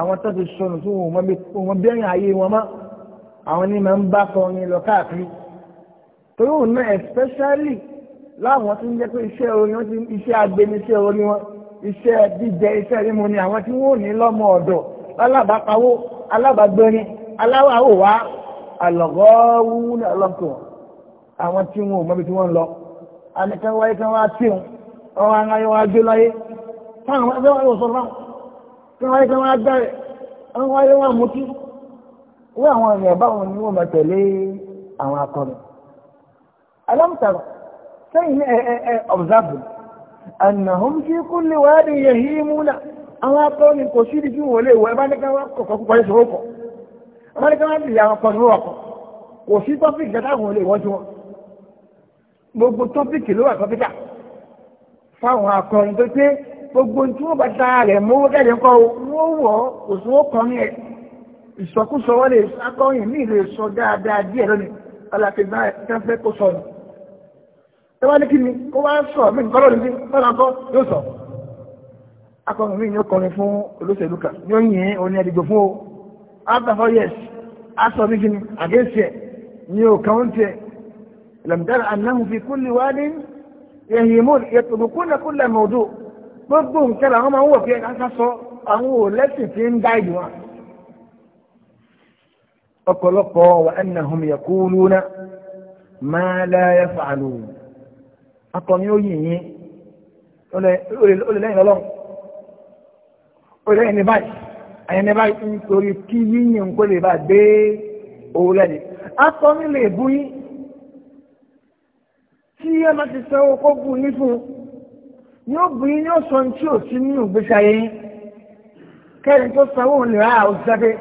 àwọn tó ti sọnù tí wọ́n bẹ́ẹ̀ ayé wọn mọ́ àwọn ní máa ń bá kọrin lọ káàkiri torí òun náà especially láwọn tó ń jẹ́ pé iṣẹ́ orin wọn ti iṣẹ́ agbẹniṣẹ́ orin wọn iṣẹ́ jíjẹ iṣẹ́ rímu ni àwọn tí wọ́n ò ní lọ́mọ ọ̀dọ̀ alábàápawó alábàágbẹ́rin aláwàáwò wá àlọ́gọ́wú náà àwọn tí wọn ò mọ́bi tí wọ́n ń lọ àníkan wáyé kan wá tí wọn ọwọ́ ara yọ wá gbé láyé táwọn ẹgbẹ́ wáyé òsọ fáwọn kí wọ́n wáyé kí wọ́n agbára wọ́n wáyé wọn mutí wọ́n àwọn ènìyàn báwọn ni wọ́n mọ̀tẹ̀lé àwọn akọni. alámùtàrà sẹ́yìn ẹ ẹ ẹ ọ̀bùsáàbù ànàhùn fi kúlẹ̀ wáyé yẹ̀hí múlà àwọn akọni kò sí ibi tí wọ́n lè wọ ẹ bá ní ká wá kọ̀kọ́ kúkọ́ yẹ sọ̀rọ̀ kọ̀ ẹ bá ní ká wá bìí àwọn akọni wọ̀ kọ̀ kò sí tọ́pìkì kẹta àwọn olè wọ́n ti wọn gbogbo tọ́pìkì ló wà tọ́pìkà fáwọn akọrin tó pé gbogbo tí wọ́n bá ta rẹ̀ mówó kẹ́lẹ̀ kọ́ wọ́n wọ̀ òṣùwọ́ kan ní ẹ̀ ìsọkúsọ wọ́n lè akọrin ní ìlú ìsọ dáadáa díẹ̀ lónìí alákẹ́ bá fẹ́ kó sọ nù tó wá ní kí ni kó wá sọ mí nǹkan lónìí bí wọ́n lọ yahimun yatlukuna kulla mawdu gbogbo nǹkan làwọn máa ń wọ̀ pé ká sọ àwọn ò lẹ́sìn tí ń dá ìlú wa. ọ̀pọ̀lọpọ̀ na annahum ma la yaf'alun akọni ó yìn yín ó lè tí ẹ bá ti sanwó kó bù yín fún yóò bù yín yóò sọ tí ò sí nínú ìgbésí ayé yín kẹrin tó sanwó òun ra àwòṣẹ́fẹ́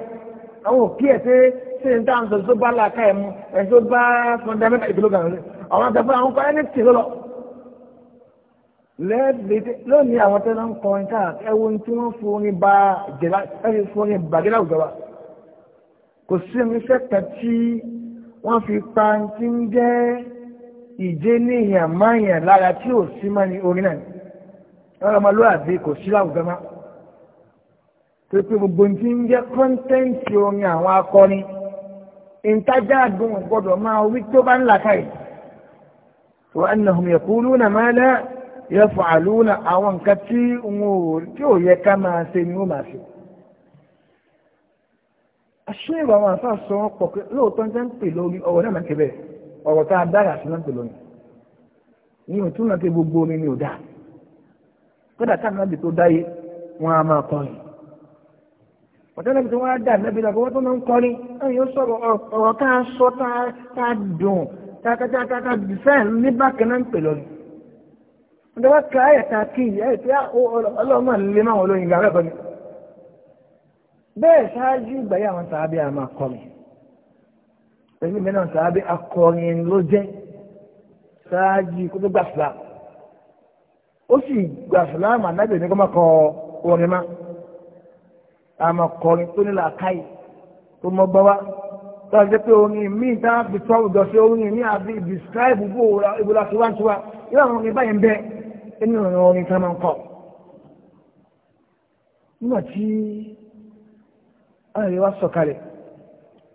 àwọn òkè ẹ̀ pé ṣé n táwọn sọ̀rọ̀ tó bá làákà ẹ̀ mu ẹ̀ tó bá fọ̀ndàmẹ́tà ìgbélógà rẹ̀ àwọn àtẹ̀fọ́ àwọn kọ́ ẹni tì lọ́lọ́ lẹ́ẹ̀dẹ̀dẹ̀ lónìí àwọn tẹ́lẹ̀ ń kọrin káàkiri ẹwo tí wọ́n forin ba jẹ̀lá ẹni forin bàgẹ́lá àwùjọ kò sí irinṣẹ́ kan tí wọ́n fi pa ti ń jẹ́ ìjẹ́ ní èèyàn máyàn lára tí ò sí mọ́ ni orin náà lọ́rọ̀ ọmọlúwàbí kò sí láwùjọ mọ́ tó pé gbogbo ní ti ń jẹ́ kọ́ńtẹ́ǹtì orin àwọn akọni ìtajà àdùn gbọ́dọ̀ máa wí tó bá ń ma la yaf'aluna àwọn nǹkan tí wọn ò tí ò yẹ ká máa ṣe ni wọ́n máa ṣe aṣọ ìwà àwọn àfáà sọ wọn pọ̀ pé lóòótọ́ ń jẹ́ ń pè lórí ọ̀rọ̀ tá a dára sí náà pẹ̀lú ni ní ìtumọ̀ pé gbogbo omi ni ò dáa kódà táwọn náà tó dáyé wọn a máa kọrin ọ̀tọ́ náà tó wọ́n á dà nábì náà wọ́n tó máa ń kọrin ẹ̀yìn yóò sọ̀rọ̀ ọ̀rọ̀ tá a sọ tá a dùn tá a ká fẹ́ ní bákan náà ń pè lọ́nà ọ̀dọ́ wa bẹ́ẹ̀ ṣáájú ìgbà yà wọn tàbí a máa kọrin ẹni mẹ́rin náà sàábé akọrin ló jẹ́ ṣáájú kó tó gbà fìlà ó sì gbà fìlà mà nábì ní kó má kọ orin má àmọ́ kọrin tó ní làákàyè tó mọ gbọ́ wá tó a jẹ́ pé orin míì tá a fi tọ́ ọ̀dọ̀ sí orin ní àbí describe bó ibo la ti wá tiwa yóò àwọn orin báyìí ń bẹ ẹni ìrìn orin kan máa ń kọ. nígbà tí àwọn ìwà sọ̀kalẹ̀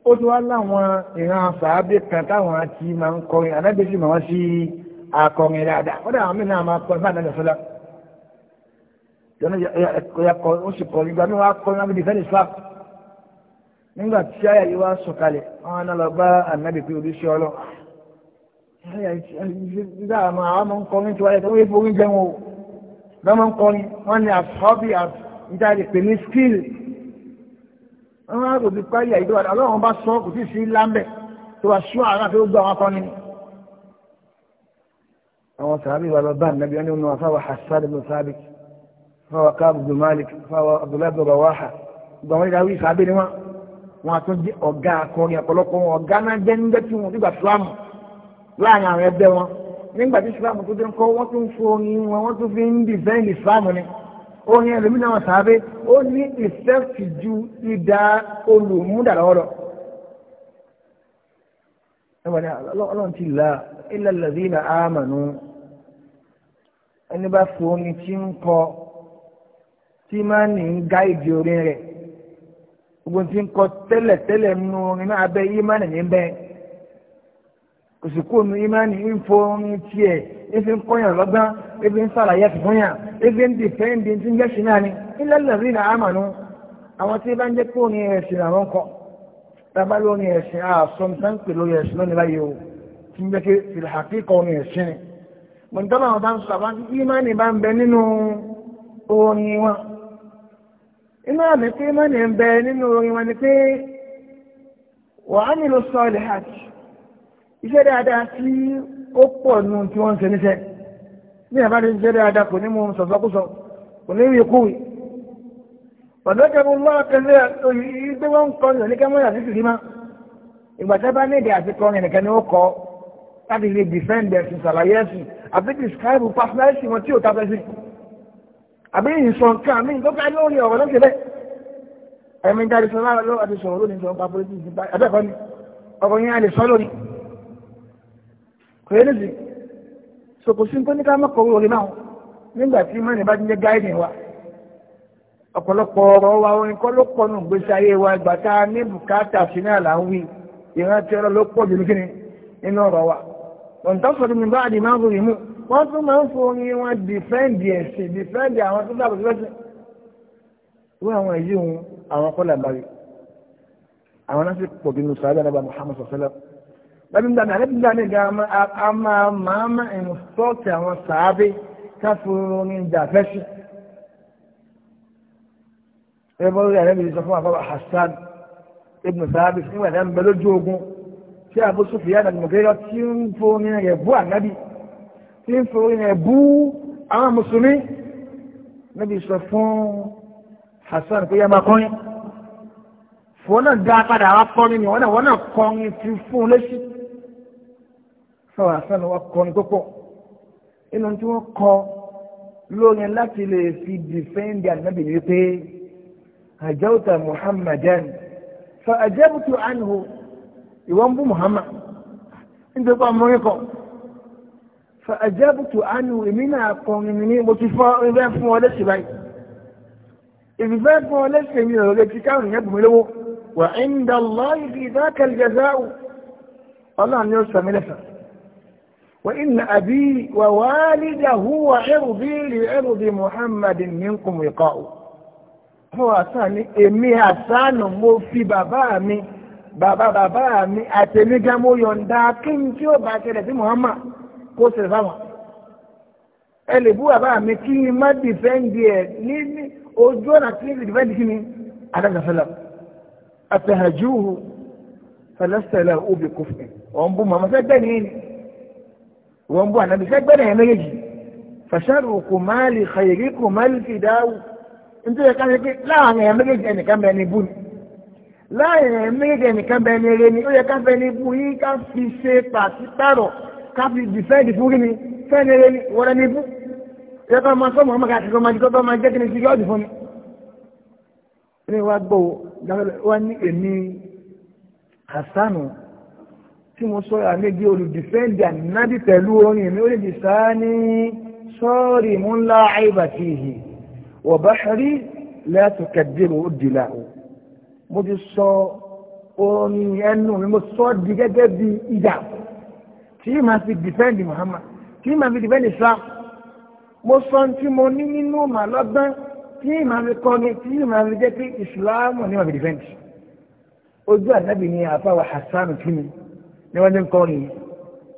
ó ti wá láwọn ìran sàábé kan táwọn àti máa ń kọrin ànábì sì máa sí akọrin dáadáa ó dàwọn mìíràn máa kọ ìfáàná ìjọ sọlá ó sì kọ ìgbà mi wá kọrin lábẹ́ dìfẹ́ nìfà nígbà tí àyà yìí wá sọ̀kalẹ̀ wọn náà lọ bá ànábì pé oríṣi ọlọ́ dáa máa ń kọrin tí wọ́n yẹ kí wọ́n forí jẹun o wọ́n ń kọrin wọ́n ní àfọ́bí ìdájẹ́ pè ní skill wọ́n á kò ti parí àyíká ọlọ́run bá sọ kò sí sí lámbẹ̀ tó wá sún àrà tó gbọ́ àwọn akọni ni. àwọn sàbí wà lọ bá nàbí wọn ni wọn fáwọn hasan ibn sabit fáwọn káàbù ibn malik fáwọn abdullahi ibn rawaha gbọ́n wọn ìdáwí sàbí ni wọn wọn àtún jẹ ọ̀gá akọrin ọ̀pọ̀lọpọ̀ wọn ọ̀gá náà jẹ́ nígbà tí wọn nígbà fúlámù láàrin àwọn ẹgbẹ́ wọn nígbà tí fúlámù tó dé ń kọ́ wọ́n tún fún orin wọn wọ́n tún fi ń dìfẹ́ ìlì orin ẹlòmí náà sàábé ó ní ìsẹ́fì ju ìdá olùmúdàlọ́wọ́lọ́ ẹgbẹ̀rẹ̀ ọlọ́run ti là ilẹ̀ lẹ́dínà àmànú ẹni bá fún omi tí ń kọ tí máa ní ń gá ìdí orin rẹ̀ gbogbo tí ń kọ tẹ́lẹ̀tẹ́lẹ̀ nínú orin náà abẹ́ yìí máa nìyí bẹ́ẹ̀ kò sì kó nu imáni ń fọrin tiẹ̀ ebi ń kọ́yàn lọ́gbọ́n ebi ń sàlàyé fúnyàn ebi ń dìfẹ́ǹdì tí ń jẹ́sìn náà ni ilẹ̀ lẹ́rìí náà àmànú àwọn tí bá ń jẹ́ pé òní ẹ̀sìn àwọn kọ́ tábà lórí ẹ̀sìn àṣọ nǹkan ń pè lórí ẹ̀sìn lónìí báyìí o tí ń jẹ́ pé fìlàkì kọ́ òní ẹ̀sìn ni mọ̀ntọ́nà ọba ń sọ àwọn bá ń bẹ nínú orin wọn inú àmì pé imáni ń bẹ nínú orin wọn ni pé wàá nílò sọ́ọ̀lì iṣẹ́ dáadáa tí ó pọ̀ nù tí wọ́n ń ṣe níṣẹ́ ní àbáde iṣẹ́ dáadáa kò ní mú sọ̀sọ́kúsọ kò ní rí kúwì ọ̀dọ́jọ́ mú lọ́wọ́ kẹlẹ́ ìgbé wọn kọ yàn ní kẹ́mọ́yà sí fìrí má ìgbà tẹ́ bá nídìí àti kọrin nìkan ni ó kọ láti lè defend ẹ̀sìn ṣàlàyé ẹ̀sìn àbí describe personality wọn tí ò tafẹ́ sí àbí ìsọ̀nkan àmì ìgbọ́ká lórí ọ̀rọ̀ lọ́sẹ̀ bẹ́ẹ̀ ẹ̀mí dáadé sọ lára lọ́wọ́ àti sọ̀rọ̀ lónìí sọ̀rọ̀ pa politics abẹ́ẹ̀kọ́ ni ọkọ̀ yẹn a lè sọ lónìí kò yẹ so sòkò sí tó ní ká mọ́ kọ̀wé orin náà nígbà tí mẹ́rin bá ti jẹ́ gáìdì wa ọ̀pọ̀lọpọ̀ ọ̀rọ̀ wa orin kọ́ ló kọnu gbèsè ayé wa ìgbà tá a ní bùkátà sí náà là ń wí ìrántí ọ̀rọ̀ ló pọ̀ jù nìkíni nínú ọ̀rọ̀ wa ọ̀ǹtọ́sọ̀rọ̀ mi bá àdì máa ń rò yìí mú wọ́n tún máa ń forí wọn dìfẹ́ǹdì ẹ̀sìn dìfẹ́ǹdì àwọn tó dàbò sí lọ́sìn wọ́n àwọn èyí òun àwọn kọ́là bàrí àwọn náà sì pọ̀ bí nù sàádà nàbà Muhammad sọ̀sẹ́lẹ̀ lábígbà náà lábígbà náà ga a máa máa máa ìrùsọ́ọ̀tì àwọn sàábé káfóró ní ìjà fẹ́sì ẹgbẹ́ orí ààrẹ mi sọ fún àbábà Hassan ibn sàábé fún ìwà ìdáǹbẹ lójú ogun tí Abu Sufyan àti mọ̀gẹ́rẹ́ tí ń forí rẹ̀ bú ànábì tí ń forí rẹ̀ bú àwọn mùsùlùmí níbi sọ fún Hassan pé yá máa kọrin fún náà dá padà wá kọrin ni wọn náà kọrin ti fún un léṣi sọ̀rọ̀ àṣàlù wọn kọ́ni tó pọ̀ inú tí wọ́n kọ́ lóyún láti lè fi dìfẹ́ǹdì ànábì wípé àjọ́ta muhammadan fa àjẹ́bùtù ànhu ìwọ́n bú muhammad nítorí pé àmọ́ kọ́ fa àjẹ́bùtù ànhu èmi náà kọ́ni ní mo ti fọ́ ẹgbẹ́ fún ọ lẹ́sìn báyìí ìfìfẹ́ fún ọ lẹ́sìn mi ò lè ti káwọn ìyẹn bùnmi lówó wà ń dà lọ́yìn fi ìdákẹ́lẹ́ jẹ́ sáà ọlọ́run ni ó sọ mí lẹ́sàn-án. وإن أبي ووالده وعرضي لعرض محمد منكم وقاء هو أساني إمي أسان mo fi bàbá mi bàbá bàbá mi àtẹ̀mí gan mo yọ̀ǹda kí n tí ó bá ṣẹlẹ̀ sí Muhammad kó ṣe fáwọn ẹ lè bú bàbá mi kí n má dìfẹ́ǹdì ẹ̀ ní ojú ọ̀nà tí n lè dìfẹ́ǹdì kí ni adágbàfẹ́lá àtẹ̀hàjúhu fẹlẹ́sẹ̀lẹ̀ òbí kò fẹ́ ọ̀ ń bú màmá fẹ́ bẹ́ẹ̀ ni wọ́n bú ànábì sẹ́gbẹ́rẹ̀ yẹn méjèèjì fàṣàrò kò máa lè xèyí kò máa lè fi dáwò nítorí ká ṣe pé láàrin ẹ̀yàn méjèèjì ẹnìkan bẹ ní bú ni láàrin ẹ̀yàn méjèèjì ẹnìkan bẹ ní eré ni ó yẹ ká bẹ ní bú yín ká fi ṣe pàṣípàrọ̀ ká fi dìfẹ́ǹdì fún kí ni fẹ́ni eré ni wọ́n ní bú yẹ ká máa sọ́mọ́ ọmọ káàkiri ọmọ àdìgbọ́ máa jẹ́ kí ni ti yọ́ọ̀dù fún mi. ẹni wá gbọ́ wá ní tí mo sọ àmẹ́gbé olùdìfẹ́ndì ànábì pẹ̀lú orin mi ó lè dìsá ní sọ́ọ̀rì mú ńlá àìbàtì ìhì wọ̀ bá rí lẹ́tù kẹ̀dẹ̀rù ó dìlà o mo ti sọ orin ẹnu mi mo sọ di gẹ́gẹ́ bí ìdà tí màá fi dìfẹ́ndì Muhammad tí màá fi dìfẹ́ndì Islam mo sọ tí mo ní nínú màlọ́gbọ́n tí màá fi kọ́ni tí màá fi jẹ́ pé Islam ní màá fi dìfẹ́ndì ojú ànábì ni àfáwà Hasan kí ni ni wọ́n ní ń kọ́ ni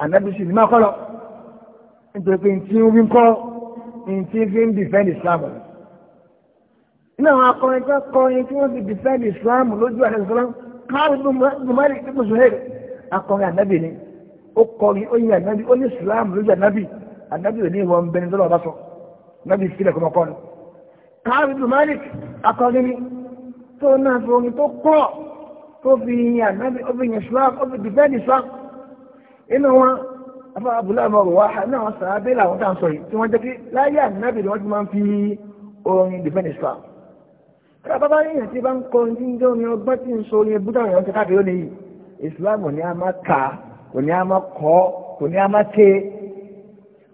ànábìsì ni máa kọ́ lọ nítorí pé ntí ń rí ń kọ́ ntí fi ń defend islam rẹ̀ nínú àwọn akọrin tó kọrin tí wọ́n fi dìfẹ́ǹdì islam lójú àti ìsọ́lá káàrin bùmárì ibùdó sùhẹ́rì akọrin ànábì ni ó kọrin ó yin ànábì ó ní islam lójú ànábì ànábì ò ní ìwọ̀n bẹni tó lọ́wọ́ bá sọ ànábì sílẹ̀ kọ́mọ kọ́ni káàrin bùmárì akọrin ni tó náà fi orin tó kọ́ obìnrin ànábì obìnrin islam obìnrin dìbẹ́ẹ̀dì islam inú wọn afọ abúlé ọmọọrọ wa náà wọn sàn abẹ́lẹ̀ àwọn tá à ń sọ yìí tí wọ́n jẹ́ pé láyé ànábì ni wọ́n ti máa ń fi orin dìbẹ́ẹ̀dì islam kọ́ra bàbá yìnyín tí bá ń kọ ní jẹ́ orin ọgbọ́n tí ń so orin ebúdá òyìnbó ti káàkiri lónìí yìí islam ò ní a máa kà kò ní a máa kọ́ kò ní a máa ké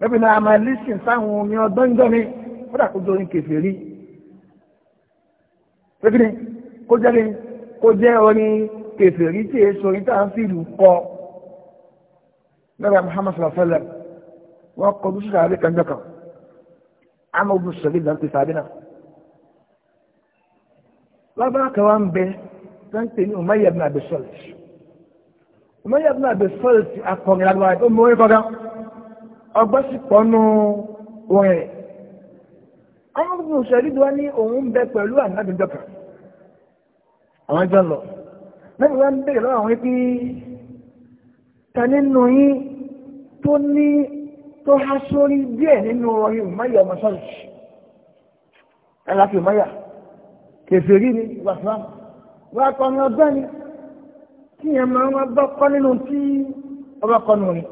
lẹ́bi náà a máa lísìn sáwọn orin ọgbọ́n jọ́ mi kódà kó jẹ́ orin kèfèrí lẹ́bi ni kó jẹ́ kó jẹ́ orin kèfèrí tí èso orin tá à ń fìlú kọ lọ́dọ̀ Muhammad sallallahu alaihi wa sallam wọ́n kọ bí sísá àbí kanjọ́ kan àmọ́ bí sọ̀rọ̀ ìdá ń pèsè àbí náà. lábára kan wá ń bẹ sáńpé ní Umayya ibn Abi Salt Umayya ibn Abi Salt akọrin lágbára ó mú orin kọ́gán ọgbọ́n nù orin rẹ̀. bí sọ̀rọ̀ ìdá wá ní òun bẹ pẹ̀lú àná àwọn jọ lọ lẹ́yìn wá ń bèèrè lọ́wọ́ àwọn pé ta nínú yín tó ní tó há sórí díẹ̀ nínú ọyọ ìmáyà ọmọ sọ́ọ̀sì ẹ̀láfi ìmáyà kèfèrí ni wàsíwá wà kọ́ni ọgbẹ́ ni tí yẹn máa wá bọ́ kọ́ nínú tí ọba kọ́nu ni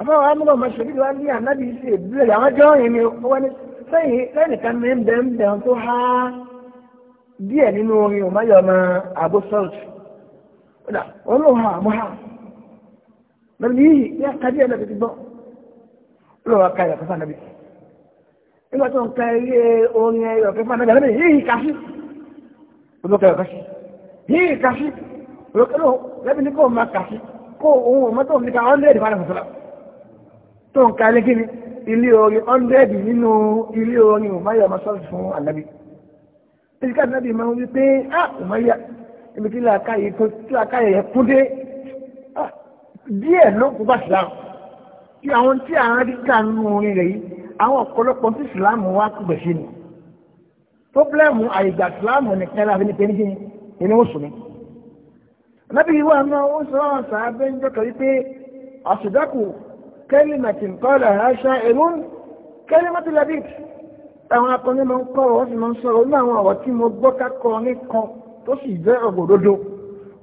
àfọwọ́ amúgbọ̀n máa ṣèlérí wá ní ànábì sí ìbílẹ̀ àwọn jọ́ yẹn ni wọ́n ní sẹ́yìn lẹ́nìkan ní bẹ́ẹ̀ bẹ́ẹ̀ tó há díẹ̀ nínú orin ọ̀máyọ̀ ọmọ àbó sọ́ọ̀tù ọ̀dà ọlọ́ha àmọ́ha lọ́nà yìí ní àkàdé ẹ̀ lọ́bẹ̀ ti gbọ́ ọlọ́wà ká ẹ̀yọ̀ kẹfà nàbì nígbà tó ń ka ilé orin ẹ̀yọ̀ kẹfà nàbì àlẹ́bẹ̀ yìí kàṣí olókè ẹ̀yọ̀ kàṣí yìí kàṣí olókè lọ́bì ní kò máa kàṣí kó ohun ọmọ tó ń ní ka ọ́ndẹ́ẹ̀dì fún àlẹ́fọ̀sọ́lá tó ń ka ilé kíni ilé orin ọ́ndẹ́ẹ̀dì nínú ilé orin ọ̀máyọ̀ sọ́ọ̀tù fún àlẹ́bì èyí káàdì náà bí máa ń wí pé á kò mọ yá èmi kí làákàyè tó tí làákàyè yẹn kú dé díẹ̀ ló kú bá sílámù tí àwọn tí àwọn adíkà nínú orin rẹ̀ yìí àwọn ọ̀pọ̀lọpọ̀ tí sílámù wá kúgbẹ̀ sí ni pọ́blẹ́mù àyègbà sílámù nìkan láfi ní pẹ́ẹ́nì kí ni ó sùn ní. Nàbí ó sọ ọ́n sàábẹ́ ń jọ́kọ̀ wípé àṣìdákù kẹ́límẹ̀tì ń àwọn akọni máa ń kọ́rọ̀ wọ́n sì máa ń sọ̀rọ̀ ní àwọn ọ̀rọ̀ tí mo gbọ́ kákọ nìkan tó sì jẹ́ òbòdodo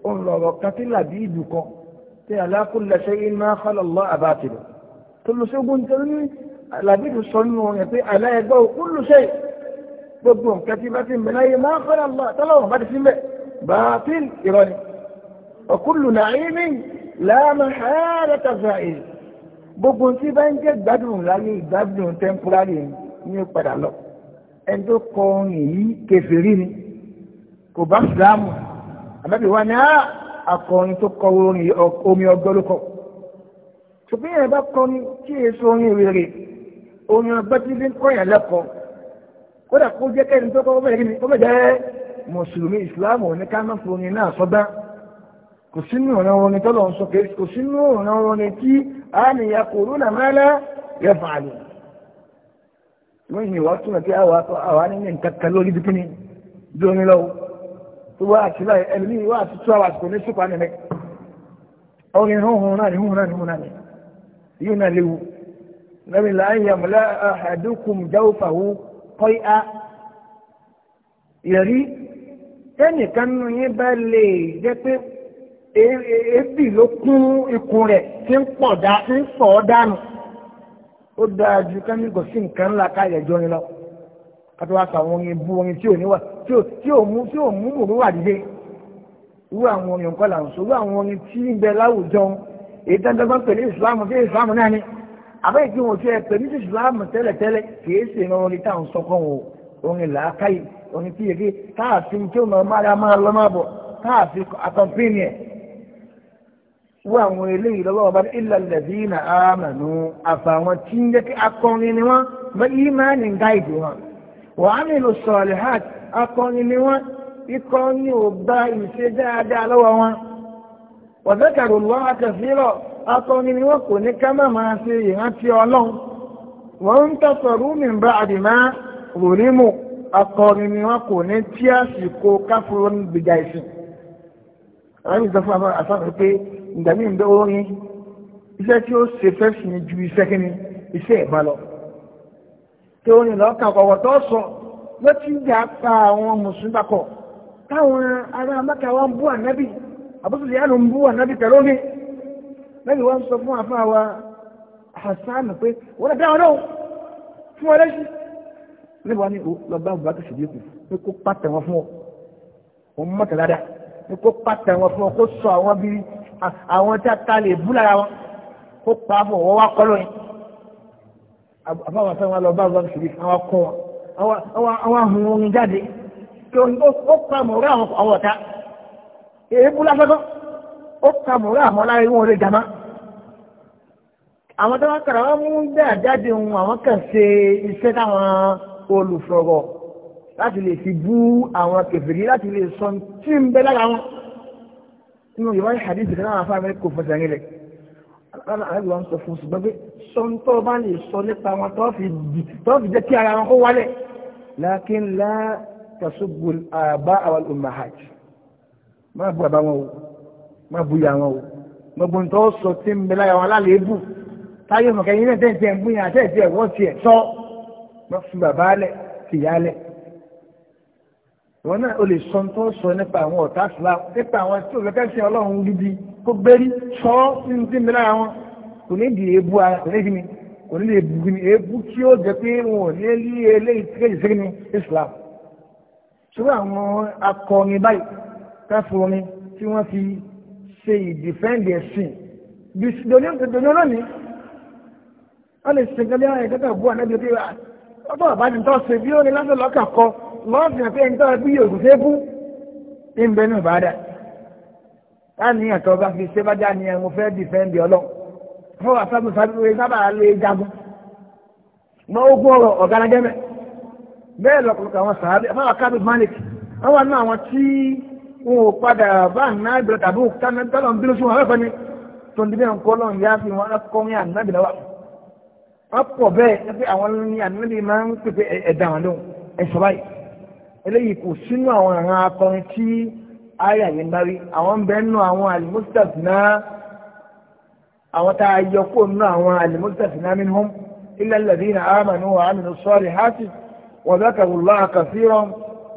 òun lọ̀rọ̀ kan tí làbí ìlú kan tí alákùnlẹ̀ṣẹ́ iná kọlọ̀lọ́ àbátìlù tó lọ sógun tó ní làbí ìlú sọ nínú rẹ̀ pé aláẹgbọ́ òkúlùṣẹ́ gbogbo nǹkan tí bá ti ń bẹ láyé máa kọlọ̀lọ́ tọ́lọ́wọ̀n bá ti fi mẹ́ bàtìl ìrọ̀lẹ́ ọ̀kúlù nàíní láàmà hàárẹ̀ tàzà gbogbo tí bá ń jẹ́ gbádùn láyé ìgbádùn tẹ́ḿpúrárì ni ní ó padà lọ ẹni tó kọ orin yìí kèfèrí ni kò bá sùlámù àbẹ́bí wa ni akọrin tó kọ orin omi ọgbọ́n ló kọ ṣùgbọ́n yẹn bá kọrin tí èso orin rere orin ọgbọ́n tí fi ń kọyàn lẹ́kọ̀ọ́ kódà kó jẹ́ kẹ́ni tó kọ́ ọmọ jẹ́ mùsùlùmí ìsìláàmù ní ká má fún orin náà sọ́gbá kò sínú ọ̀nà orin tọ́lọ̀ ń sọ kò sínú ọ̀nà orin tí a nìyà kòrónà mẹ́lẹ́ yẹ fàálù wọ́n yìí wá túnmọ̀ pé àwa ní nǹkan kan lórí bí kíni bí omi lọ́wọ́ tó wá àti láì ẹlòmíì wá àti two hours kò ní ṣùpá nìyẹn ọ̀rìn hóhùn náà ni hóhùn náà ni hóhùn náà ni yóò náà léwu lẹ́yìn láàyè àmúlẹ́ àdókùn jáwófàwó kọ́í á yẹ̀rí tẹ́nìkan nù yín bá lè jẹ́ pé èébì ló kún ikùn rẹ̀ tí ń pọ̀ dá ó dáa ju ká ní kò sí nǹkan ńlá ká yẹ jọrin lọ ká tó wá sọ àwọn orin bú orin tí ò ní wà tí ò tí ò mú tí ò mú mòró wà dídé irú àwọn orin nǹkan là ń sọ irú àwọn orin tí ń bẹ láwùjọ èyí dandandan pẹ̀lú ìsìláàmù tí ìsìláàmù náà ni àbẹ́ ìdí wọn ti ẹ pẹ̀lú ìsìláàmù tẹ́lẹ̀tẹ́lẹ̀ kìí ṣe ìran orin táwọn sọkọ wọn o orin làákàyè orin tí yege káàfin tí ó máa máa wa àwọn eléyìí lọ́wọ́ bá ilẹ̀ lẹ́bíìnà àmàlú àfàwọn tí ń jẹ́ kí akọni ni wọ́n bá ìmánì ń gáìdì wọn wọ́n á nílò sọ̀rọ̀ hàt akọni ni wọ́n ikọ́ ní ò bá ìṣe dáadáa lọ́wọ́ wọn lọ́wọ́ àtẹ̀sílọ̀ ni wọ́n kò ní ká má máa ṣe ìrántí ọlọ́run wọ́n ń tọ́sọ̀rọ̀ mi bá àdìmá ni wọ́n kò ní tí àsìkò ìsìn. àwọn ìjọba ìgbà míì ń bẹ orin iṣẹ́ tí ó ṣe fẹ́ sí ni ju iṣẹ́ kí ni iṣẹ́ ẹ̀bá lọ tí orin lọ́ọ̀kà ọ̀wọ̀ tó sọ ló ti gbà pa àwọn mùsùlùmí papọ̀ táwọn ará mẹ́ta wa ń bú ànábì àbúṣe yánu ń bú ànábì pẹ̀lú omi lẹ́yìn wọ́n sọ fún àfáà wa Hassan pé wọ́n dá ọ̀nà fún ọ lẹ́sìn níbo ni lọ́ba bàbá ṣèdíkù pé kó pàtẹ wọn fún ọ òun mọ̀tẹ̀ dáadáa pé kó pàtẹ wọn fún ọ kó sọ àwọn bíi àwọn tí a ta lè bú lára wọn kó pa á bọ̀ wọ́n wá kọ́ lóyún àbáwọn fẹ́ wọn lọ bá wọn ṣèlú àwọn kọ́ wọn àwọn ahùn orin jáde kí ó pa mọ̀ọ́rọ́ àwọn ọ̀tá èébú lásán ó ka mọ̀ọ́rọ́ àwọn lára wọn lè jàmá àwọn tó wá kàrà wọn mú dáa jáde ohun àwọn kàn ṣe iṣẹ́ táwọn olùsọ̀rọ̀ láti lè fi bú àwọn kèfèrí láti lè sọ tí ń bẹ lára wọn nínú ìwáyé hadith kan náà fáwọn kò fẹsẹ̀ nílẹ̀ aláàbí wọn sọ fún ṣùgbọ́n pé sọ́ńtọ́ bá lè sọ nípa wọn tó fi jẹ́ kí ara wọn kó wálẹ̀ lakin la tasubbu àbá àwọn ummahat má bu àbá wọn o má bu ìyá wọn o gbogbo nǹkan sọ tí ń bẹ láyà wọn aláàlébù táyé mọ̀kẹ́yìn náà tẹ̀ ń bú yàn àtẹ̀ wọ́n tiẹ̀ sọ má fi bàbá lẹ̀ tìyá lẹ̀ wọn náà o lè sọ tó sọ nípa àwọn ọ̀tá sílá nípa àwọn tí o fẹ́kẹ́ sin ọlọ́run gidi kó gbérí sọ sí ní tìǹbì lára wọn kò ní di èébú ara kò ní di mi kò ní di èébú mi èébú tí ó jẹ pé wọn ò ní lé eléyìí tí kéjì sí ní Islam ṣùgbọ́n àwọn akọni báyìí káfọ́ni tí wọ́n fi ṣe ìdìfẹ́ǹdì ẹ̀sìn bí dòní olónìí wọ́n lè ṣe gẹ́gẹ́ àwọn ìkẹ́kẹ́ bú ànábi pé ah, ọgbọ́n àbájú tó ṣe bí ó ní lásán lọ́kàn kọ́ lọ́ọ̀sì náà pé ẹni tọ́ra bí yòókù ṣe fún ní ń bẹ ní ìbádà láàníyàn tó bá fi ṣé bá ni ẹ mo fẹ́ dìfẹ́ǹdì ọlọ́run fún wa sábà sábà lè jagun mọ ogun ọ̀rọ̀ ọ̀gánájẹ́mẹ́ bẹ́ẹ̀ lọ́kọ̀ọ́kọ̀ àwọn sàábì àbáwá kábí malik wọ́n wà ní àwọn tí wọn ò padà bá tàbí òkúta tọ́lọ̀ ń bínú sí wọn eléyìí kò sínú àwọn àrùn akọrin tí ayé àyè ń bá rí àwọn ń bẹ nínú àwọn alimusitaf náà àwọn tá a yọ kó nínú àwọn alimusitaf náà minhum illa alladhina amanu wa aminu salihati wa dhakaru Allaha kathiran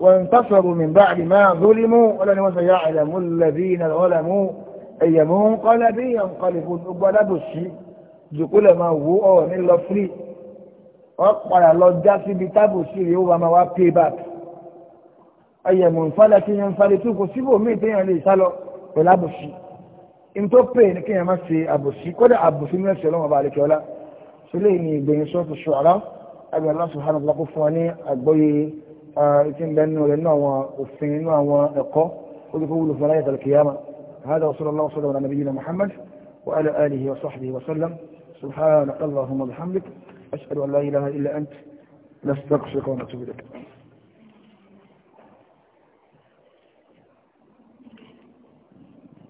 وانتصروا من بعد ما ظلموا ولن وسيعلم الذين ظلموا أي منقلب ينقلبون ọgbọ́dọ̀ sí jùkúlẹ̀ máa wú ọ̀rọ̀ ní lọ fúrí ọ̀pọ̀ àlọ́ já síbi tábù sí rí máa wá payback ayẹ mọ̀nfàlẹ̀ kí yẹn nfàlẹ̀ tó kò síbò mí míì téèyàn lè sálọ pẹ̀lú àbòsí ntọ́ pè ní kéèyàn má ṣe àbòsí kódà àbòsí ní ẹsẹ̀ ọlọ́mọba àlekẹ́ọ́lá sílẹ̀ ní ìgbẹ̀yìn sọ́ọ̀tù sọ̀rọ̀ ẹgbẹ́ Allah subhanahu wa ta'ala fún wa ní àgbọ́yé ìtì ìbẹ́nu rẹ̀ nínú àwọn òfin nínú àwọn ẹ̀kọ́ ó ti kó wúlò fún aláyàtọ̀ kìyàmà هذا وصلى الله وسلم على